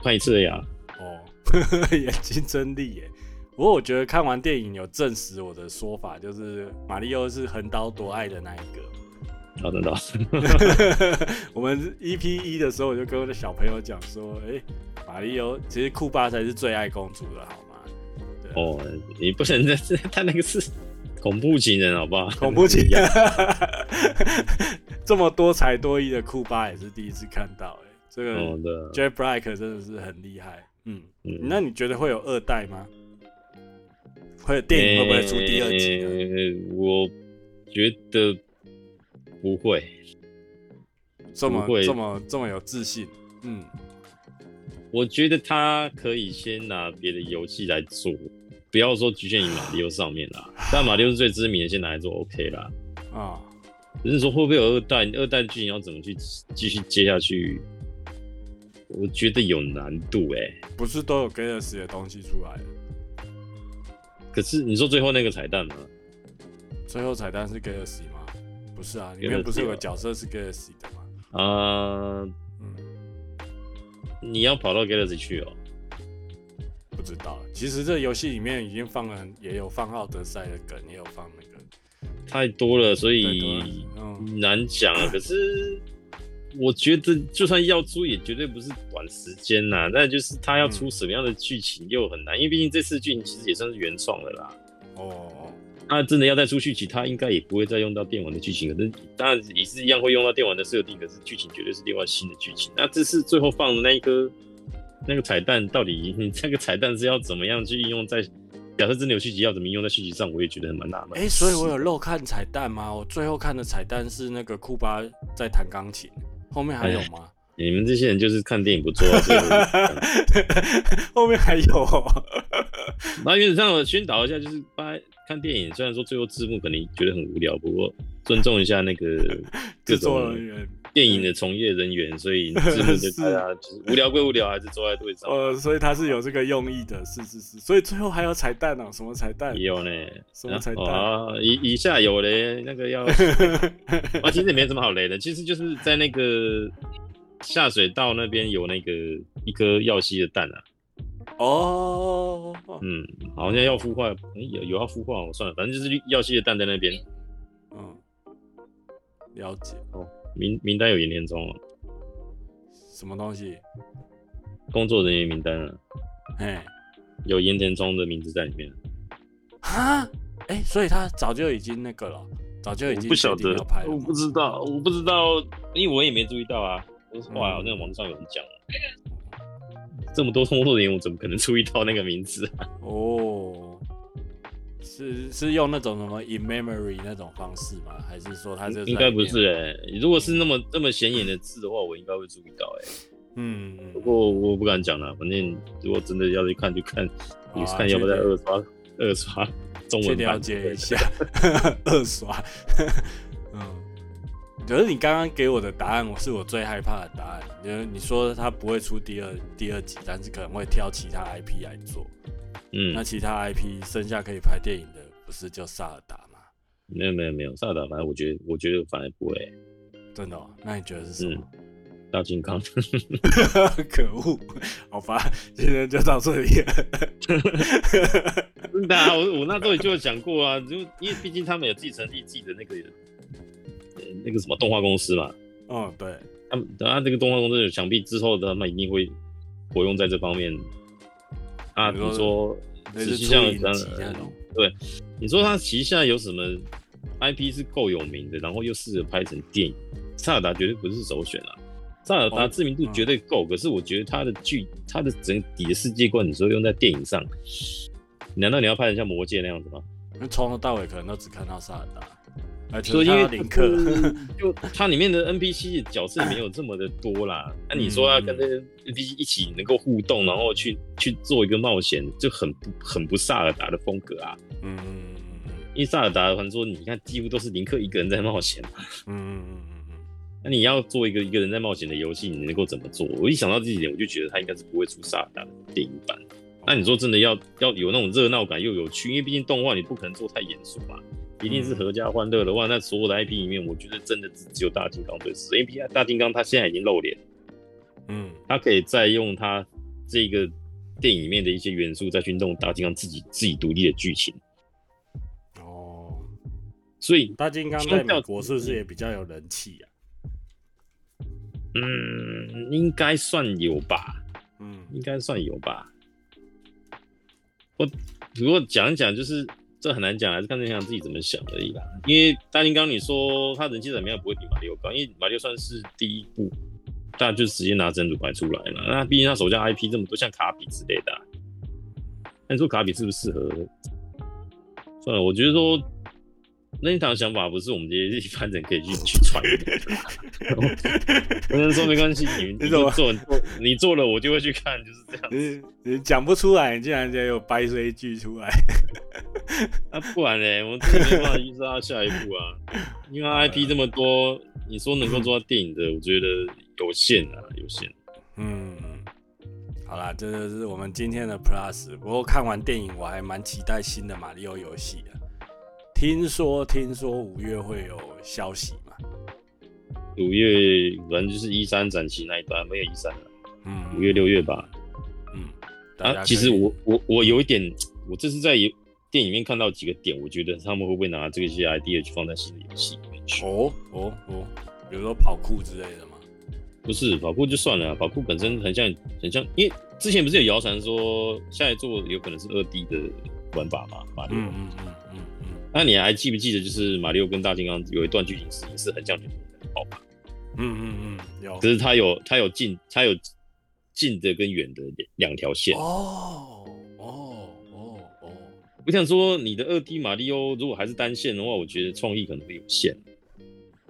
看一次呀，啊。哦呵呵，眼睛真利耶。不過我覺得看完電影有證實我的說法，就是馬里奧是橫刀奪愛的那一個。好，啊、的，倒、啊啊、 (laughs) (laughs) 我們 EP 一的時候，我就跟我的小朋友講說：“哎、欸，馬里奧其實庫巴才是最愛公主的。”好。哦，你不能在是，他那個是恐怖情人，好不好？恐怖情人 (laughs) ， (laughs) 這麼多才多藝的酷巴也是第一次看到、欸，哎，這個、Jack Black 真的是很厲害嗯，嗯，那你覺得會有二代嗎？嗯、會電影會不會出第二集呢、欸欸？我覺得不會，這麼會這麼這麼有自信，嗯，我覺得他可以先拿別的遊戲來做。不要說局限於馬里歐上面啦，但馬里歐是最知名的，先拿來做 OK 啦。啊，只是說會不會有二代？二代劇情要怎麼去繼續接下去？我覺得有難度誒、欸。不是都有 Galaxy 的東西出來？可是你說最後那個彩蛋嗎？最後彩蛋是 Galaxy 嗎？不是啊，Galaxy、裡面不是有個角色是 Galaxy 的嗎？啊，嗯、你要跑到 Galaxy 去哦。不知道，其實這遊戲裡面已經放了很，也有放《奧德賽》的梗，也有放那個，太多了，所以難講、啊嗯啊。可是我覺得，就算要出，也絕對不是短時間吶、啊。那、嗯、就是他要出什麼樣的劇情又很難，因為畢竟這次劇情其實也算是原創的啦。哦哦，哦，他、啊、真的要再出續集，他應該也不會再用到電玩的劇情，可能當然也是一樣會用到電玩的設定，可是劇情絕對是另外新的劇情。那這是最後放的那一顆。那個彩蛋到底，你那個彩蛋是要怎麼樣去應用在？假設真的有續集，要怎麼應用在續集上？我也覺得很納悶。所以我有漏看彩蛋嗎？我最後看的彩蛋是那個庫巴在彈鋼琴，後面還有嗎、哎？你們這些人就是看電影不做啊！ (laughs) 後面還有、喔。那原則上我宣導一下，就是大家看電影，雖然說最後字幕可能覺得很無聊，不過尊重一下那個制作人員。電影的從業人員，所以 (laughs) 是啊，就是、無聊歸無聊，還是坐在隊長。呃，所以他是有這個用意的，是是是。所以最後還有彩蛋呢、啊？什麼彩蛋？有呢，什麼彩蛋？啊，哦、以以下有嘞，那個要， (laughs) 啊，其實也沒什麼好雷的，其實就是在那個下水道那邊有那個一顆耀西的蛋啊。哦，嗯，好像要孵化，欸、有有要孵化，我算了，反正就是耀西的蛋在那邊。嗯、哦，了解哦。名名單有岩田聰啊，什麼東西？工作人員名單啊，哎，有岩田聰的名字在裡面。啊，哎，所以他早就已經那個了，早就已經決定要拍了嗎？我不曉得，我不知道，我不知道，因為我也沒注意到啊。哇、哦，那個網絡上有人講，這麼多工作人員，我怎麼可能注意到那個名字啊？哦。是是用那種什麼 in memory 那種方式嗎？還是說他這應該不是哎、欸？如果是那麼那麼顯眼的字的話，我應該會注意到哎。嗯，不過我不敢講了。反正如果真的要去看，就看、啊，看要不要再二刷二刷中文了解一下 (laughs) 二刷。 (laughs) 嗯，可、就是你剛剛給我的答案，我是我最害怕的答案。就是你說他不會出第二第二集，但是可能會挑其他 IP 來做。嗯，那其他 IP 剩下可以拍電影的，不是叫薩爾達嗎？沒有沒有沒有，薩爾達，反正我覺得我覺得反而不會，真的。哦？那你覺得是什麼？嗯、大金剛？ (laughs) (laughs) 可惡！好吧，今天就到這裡了。那、 (laughs) (laughs) 啊、我我那時候也就有想過啊，就因為畢竟他們有繼承自己的那個那個什麼動畫公司嘛。哦、嗯，對，他他這個動畫公司想必之後他們一定會活用在這方面。啊，比如說，其實像他，對，你說他旗下有什麼 IP 是夠有名的，然後又試着拍成電影，《薩爾達》絕對不是首選了、啊。《薩爾達》知名度絕對夠、哦，可是我覺得他的劇、嗯、他的整體的世界觀，你說用在電影上，難道你要拍成像《魔戒》那樣子嗎？那從頭到尾可能都只看到《薩爾達》。還所以因為林克，就它裡面的 NPC 的角色沒有這麼的多啦。那你說要、啊、跟這 NPC 一起能夠互動，然後去去做一個冒險，就很不很不薩爾達的風格啊。嗯，因為薩爾達傳說，你看幾乎都是林克一個人在冒險。嘛。嗯嗯嗯嗯。那你要做一個一個人在冒險的遊戲，你能夠怎麼做？我一想到這一點，我就覺得他應該是不會出薩爾達的電影版。那你說真的要要有那種熱鬧感又有趣，因為畢竟動畫你不可能做太嚴肅嘛。一定是闔家歡樂了哇！那所有的 IP 裡面，我覺得真的只只有大金剛最適合。因為大金剛他現在已經露臉，嗯，他可以再用他這個電影裡面的一些元素，再去弄大金剛自己自己獨立的劇情。哦，所以大金剛在美國是不是也比較有人氣啊？嗯，應該算有吧。嗯，應該算有吧。我如果講一講，就是。這很難講，還是看任天堂自己怎麼想而已啦、嗯。因為大金剛，你說他人氣怎麼樣，不會比瑪利歐高，因為瑪利歐算是第一步，大家就是直接拿珍珠牌出來嘛。那畢竟他手下 IP 這麼多，像卡比之類的、啊，你說卡比適不適合，算了，我覺得說。那一套想法不是我們這些一般人可以去去揣的。 (laughs) (laughs) 我跟你說沒關係，你做你，你做了，做了我就會去看，就是這樣。講不出來，你竟然直接又掰出一句出來。那 (laughs) 啊、不然咧，我們真的沒辦法預測到下一步啊。 (laughs) 因為 IP 這麼多，你說能夠做到電影的，我覺得有限啊，有限。嗯，好啦，這就是我們今天的 Plus。不過看完電影，我還蠻期待新的馬里奧遊戲。聽說聽說五月會有消息嘛？五月反正就是 E3 展期那一段沒有 E3 了，五、嗯、月六月吧，嗯啊，其實我我我有一點，我這次在電影裡面看到幾個點，我覺得他們會不會拿這些 idea 去放在新的遊戲裡面去？哦哦哦，比如說跑酷之類的嗎？不是跑酷就算了，跑酷本身很像很像，因為之前不是有謠傳說下一作有可能是二 D 的玩法嘛？嗯嗯嗯。那、啊、你還記不記得，就是馬里奧跟大金剛有一段劇情，是也是很像兩座城堡的。好吧。嗯嗯嗯，有。可是他有他有近他有近的跟遠的兩條線，哦哦哦哦。我想說，你的二 D 馬里奧如果還是單線的話，我覺得創意可能會有限。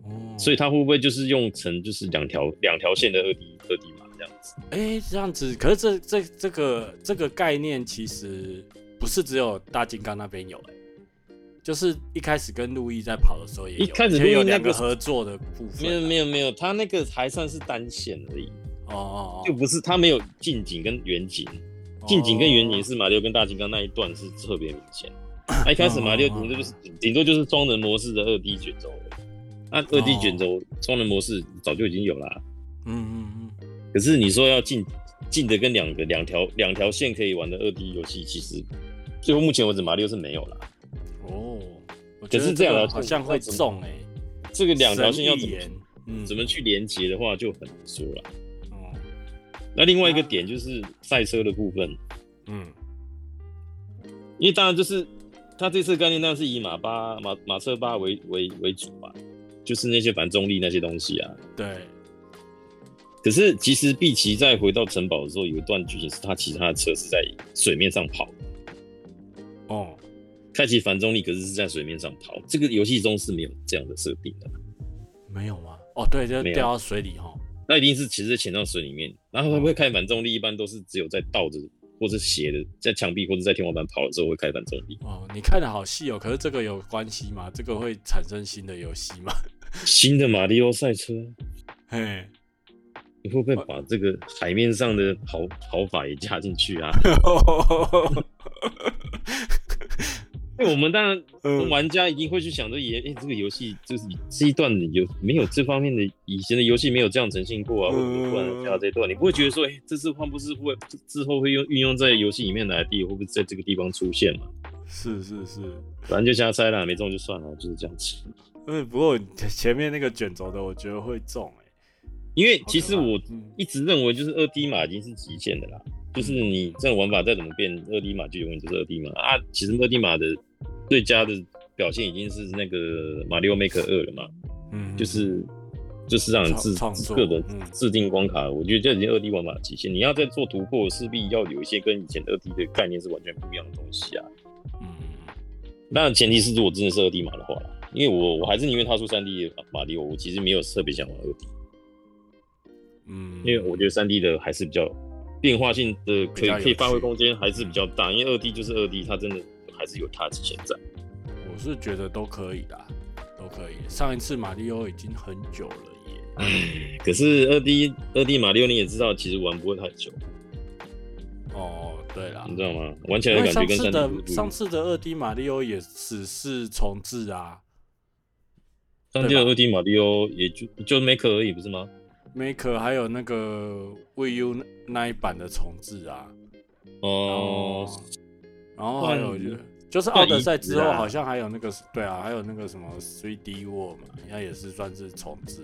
哦，所以他會不會就是用成就是兩條兩條線的二 D 二 D 馬這樣子？哎、欸，這樣子，可是這這這個這個概念其實不是只有大金剛那邊有哎、欸。就是一開始跟路易在跑的時候也有，也一開始路易那個、有兩個合作的部分、啊，沒有沒有沒有，他那個還算是單線而已哦，oh, oh, oh. 就不是他沒有近景跟遠景，oh. 近景跟遠景是瑪利歐跟大金剛那一段是特別明顯。Oh. 啊、一開始瑪利歐頂多就是頂、oh, oh. 多就是雙人模式的二 D 卷軸，那二 D 卷軸雙、oh. 人模式早就已經有啦，嗯嗯嗯。可是你說要近近的跟兩個兩條兩條線可以玩的二 D 遊戲，其實最後目前為止瑪利歐是沒有了。哦，可是這樣好像會重哎、欸。這個兩條線要怎麼，嗯，怎麼去連接的話就很難說了。哦，那另外一個點就是賽車的部分，嗯，因為當然就是他這次概念當然是以馬八馬馬車八為為為主吧，就是那些反重力那些東西啊。對。可是其實碧琪在回到城堡的時候，有一段劇情是她騎她的車是在水面上跑的。哦。開啟反重力，可是是在水面上跑，這個遊戲中是沒有這樣的設定的。沒有嗎？哦，對，就是掉到水裡哈。那、喔、一定是，其實潛到水裡面，然後它會不會開反重力、哦？一般都是只有在倒着或者斜的，在牆壁或者在天花板跑的時候會開反重力。哦，你看的好細哦、喔。可是這個有關係嗎？這個會產生新的遊戲嗎？新的馬里奧賽車。嘿，你會不會把這個海面上的跑跑法也加進去啊？ (laughs) (laughs) 因為我們當然，玩家一定會去想說也，說、嗯，哎、欸，這個遊戲就是這一段有沒有這方面的，以前的遊戲沒有這樣呈現過啊，嗯、或者突然這段，這段，你不會覺得說，哎、欸，這次換不是會之後會用運用在遊戲裡面來的，會不會在這個地方出現嘛？是是是，反正就瞎猜啦，沒中就算了，就是這樣子。為、嗯、不過前面那個卷軸的，我覺得會中哎、欸，因為其實我一直認為就是二 D 嘛，已經是極限的啦。就是你這種玩法再怎麼變 2D，二 D 碼就永遠都是二 D 碼啊。其實二 D 碼的最佳的表現已經是那個、嗯《馬里奧 Maker 二》了嘛。嗯，就是就是讓你自個、嗯、的制定關卡，我覺得就已經二 D 玩法極限。你要再做突破，勢必要有一些跟以前二 D 的概念是完全不一樣的東西啊。嗯，那前提是如果真的是二 D 碼的話，因為我我還是寧願他出三 D 的馬里奧。我其實沒有特別想玩二 D。嗯，因為我覺得三 D 的還是比較。變化性的可以可以發揮空間還是比較大，因為二 D 就是二 D，它真的還是有它的潛在。我是覺得都可以的，都可以。上一次馬里奧已經很久了耶。嗯、可是二 D 二 D 馬里奧你也知道，其實玩不會太久。哦，對了，你知道嗎？玩起來的感覺跟上次的上次的二 D 馬里奧也只是重置啊。上次的二 D 馬里奧也就就 Maker 而已，不是嗎？Maker 還有那個 Wii U 那一版的重置啊，哦，然後還有就就是奧德賽之後好像還有那個對啊，還有那個什麼 3D World 嘛，應該也是算是重置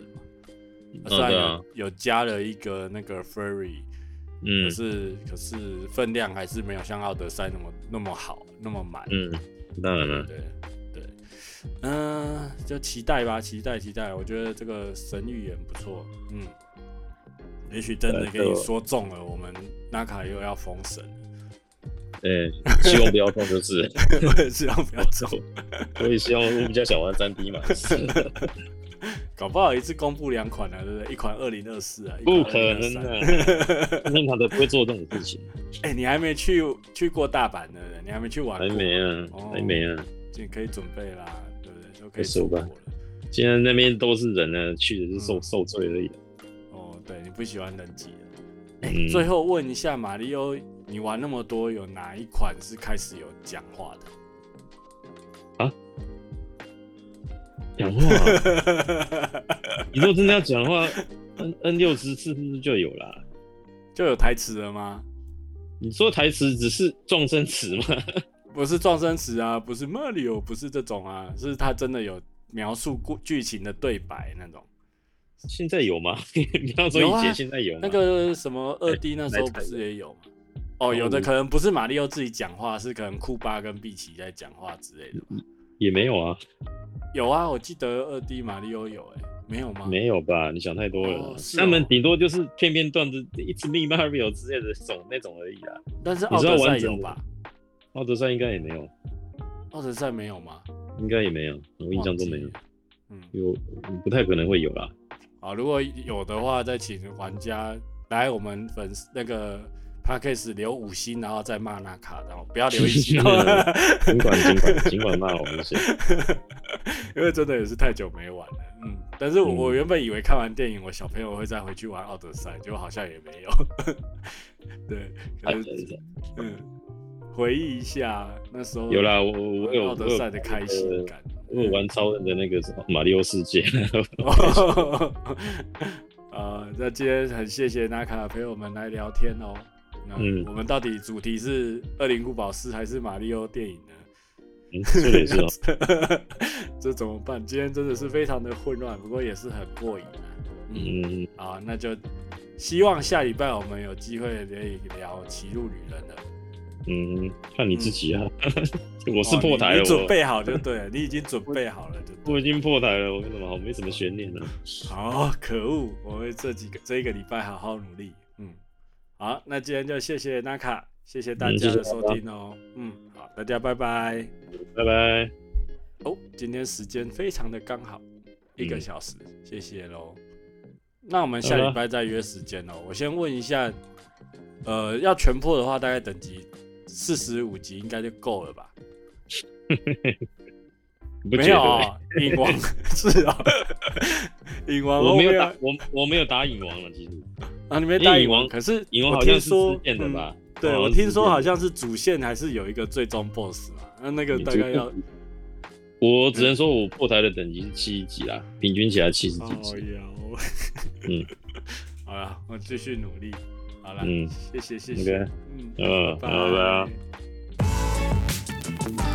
嘛，雖然有加了一個那個 Furry，嗯，可是可是分量還是沒有像奧德賽那麼那麼好那麼滿，嗯，對對對，嗯，就期待吧，期待期待，我覺得這個神預言不錯，嗯。也許真的給你說中了，了我們 NAKA 又要封神。對，希望不要中就是。 (laughs) 我也希望不要中。 (laughs) 我也希望我比較想玩三 D 嘛。 (laughs) 搞不好一次公布兩款呢、啊，對不對？一款二零二四啊，不可能、啊、 (laughs) 的。任天堂都不會做這種事情。哎、 (laughs) 欸，你還沒去去過大阪呢，你還沒去玩，還沒啊，還沒啊、哦。你可以準備啦，對不對都可以收吧。現在那邊都是人呢、啊，去只是受、嗯、受罪而已、啊。對你不喜歡人機、嗯。最後問一下，馬里奧，你玩那麼多，有哪一款是開始有講話的？啊？講話？ (laughs) 你若真的要講的話，N N 六十是不是就有了、啊？就有台詞了嗎？你說台詞只是狀聲詞嗎？不是狀聲詞啊，不是馬里奧，不是這種啊，是他真的有描述過劇情的對白那種。現在有嗎？ (laughs) 你剛說以前現在有，有、啊、那個什麼二 D 那時候不是也有、欸、哦，有的可能不是馬里奧自己講話，是可能庫巴跟碧奇在講話之類的。也沒有啊、哦，有啊，我記得二 D 馬里奧有哎、欸，沒有嗎？沒有吧？你想太多了、哦哦，他們頂多就是片片段子 It's me, Mario 之類的種那種而已啊。但是奧德賽有吧？奧德賽應該也沒有，奧、嗯、德賽沒有嗎？應該也沒有，我印象中沒有，有、嗯、不太可能會有啦。如果有的話，再請玩家來我們粉絲那個 podcast 留五星，然後再罵納卡，然後不要留一星。盡 (laughs) 然後 (laughs) (laughs) 管盡管盡管罵我們是， (laughs) 因為真的也是太久沒玩了。嗯，但是我，、嗯、我原本以為看完電影，我小朋友會再回去玩奧德賽，結果好像也沒有。 (laughs) 對，可是啊、對，對，對，嗯。回憶一下那時候有啦，我我有奧德賽的開心感，我，我，我，我，我，我有玩超人的那個什麼馬里奧世界。啊 (laughs) (laughs) 那今天很謝謝納卡陪我們來聊天哦。那、嗯、我們到底主題是《惡靈古堡四》還是《馬里奧》電影呢？嗯、的是的、哦，是的。這怎麼辦？今天真的是非常的混亂，不過也是很過癮嗯嗯，啊，那就希望下禮拜我們有機會可以聊《歧路旅人》的。嗯，看你自己啊！嗯、 (laughs) 我是破台了、哦你，你準備好就對了，你已經準備好了，就了。 (laughs) 我已經破台了，我，怎我沒什麼好、啊，沒什麼懸念了。好，可惡！我會這幾個這一個禮拜好好努力。嗯，好，那今天就謝謝 Naka，謝謝大家的收聽哦。嗯，就是、爸爸嗯好，大家拜拜，拜拜。哦，今天時間非常的剛好，一個小時，嗯、謝謝嘍。那我們下禮拜再約時間嘍。我先問一下，呃，要全破的話，大概等級？四十五級應該就夠了吧？ (laughs) 不欸、沒有影、啊、王 (laughs) 是啊，影王我沒有我沒有打我，我沒有打影王了、啊，其實啊，你沒打影王，王。可是影王好像是支線的吧？嗯、對，我聽說好像是主線還是有一個最終 boss 嘛。那那個大概要……我只能說我破台的等級是七十幾啦、嗯，平均起來七十幾級。Oh, yeah. (laughs) 嗯，好了，我繼續努力。好了，嗯，謝謝謝謝，okay. 嗯，拜拜。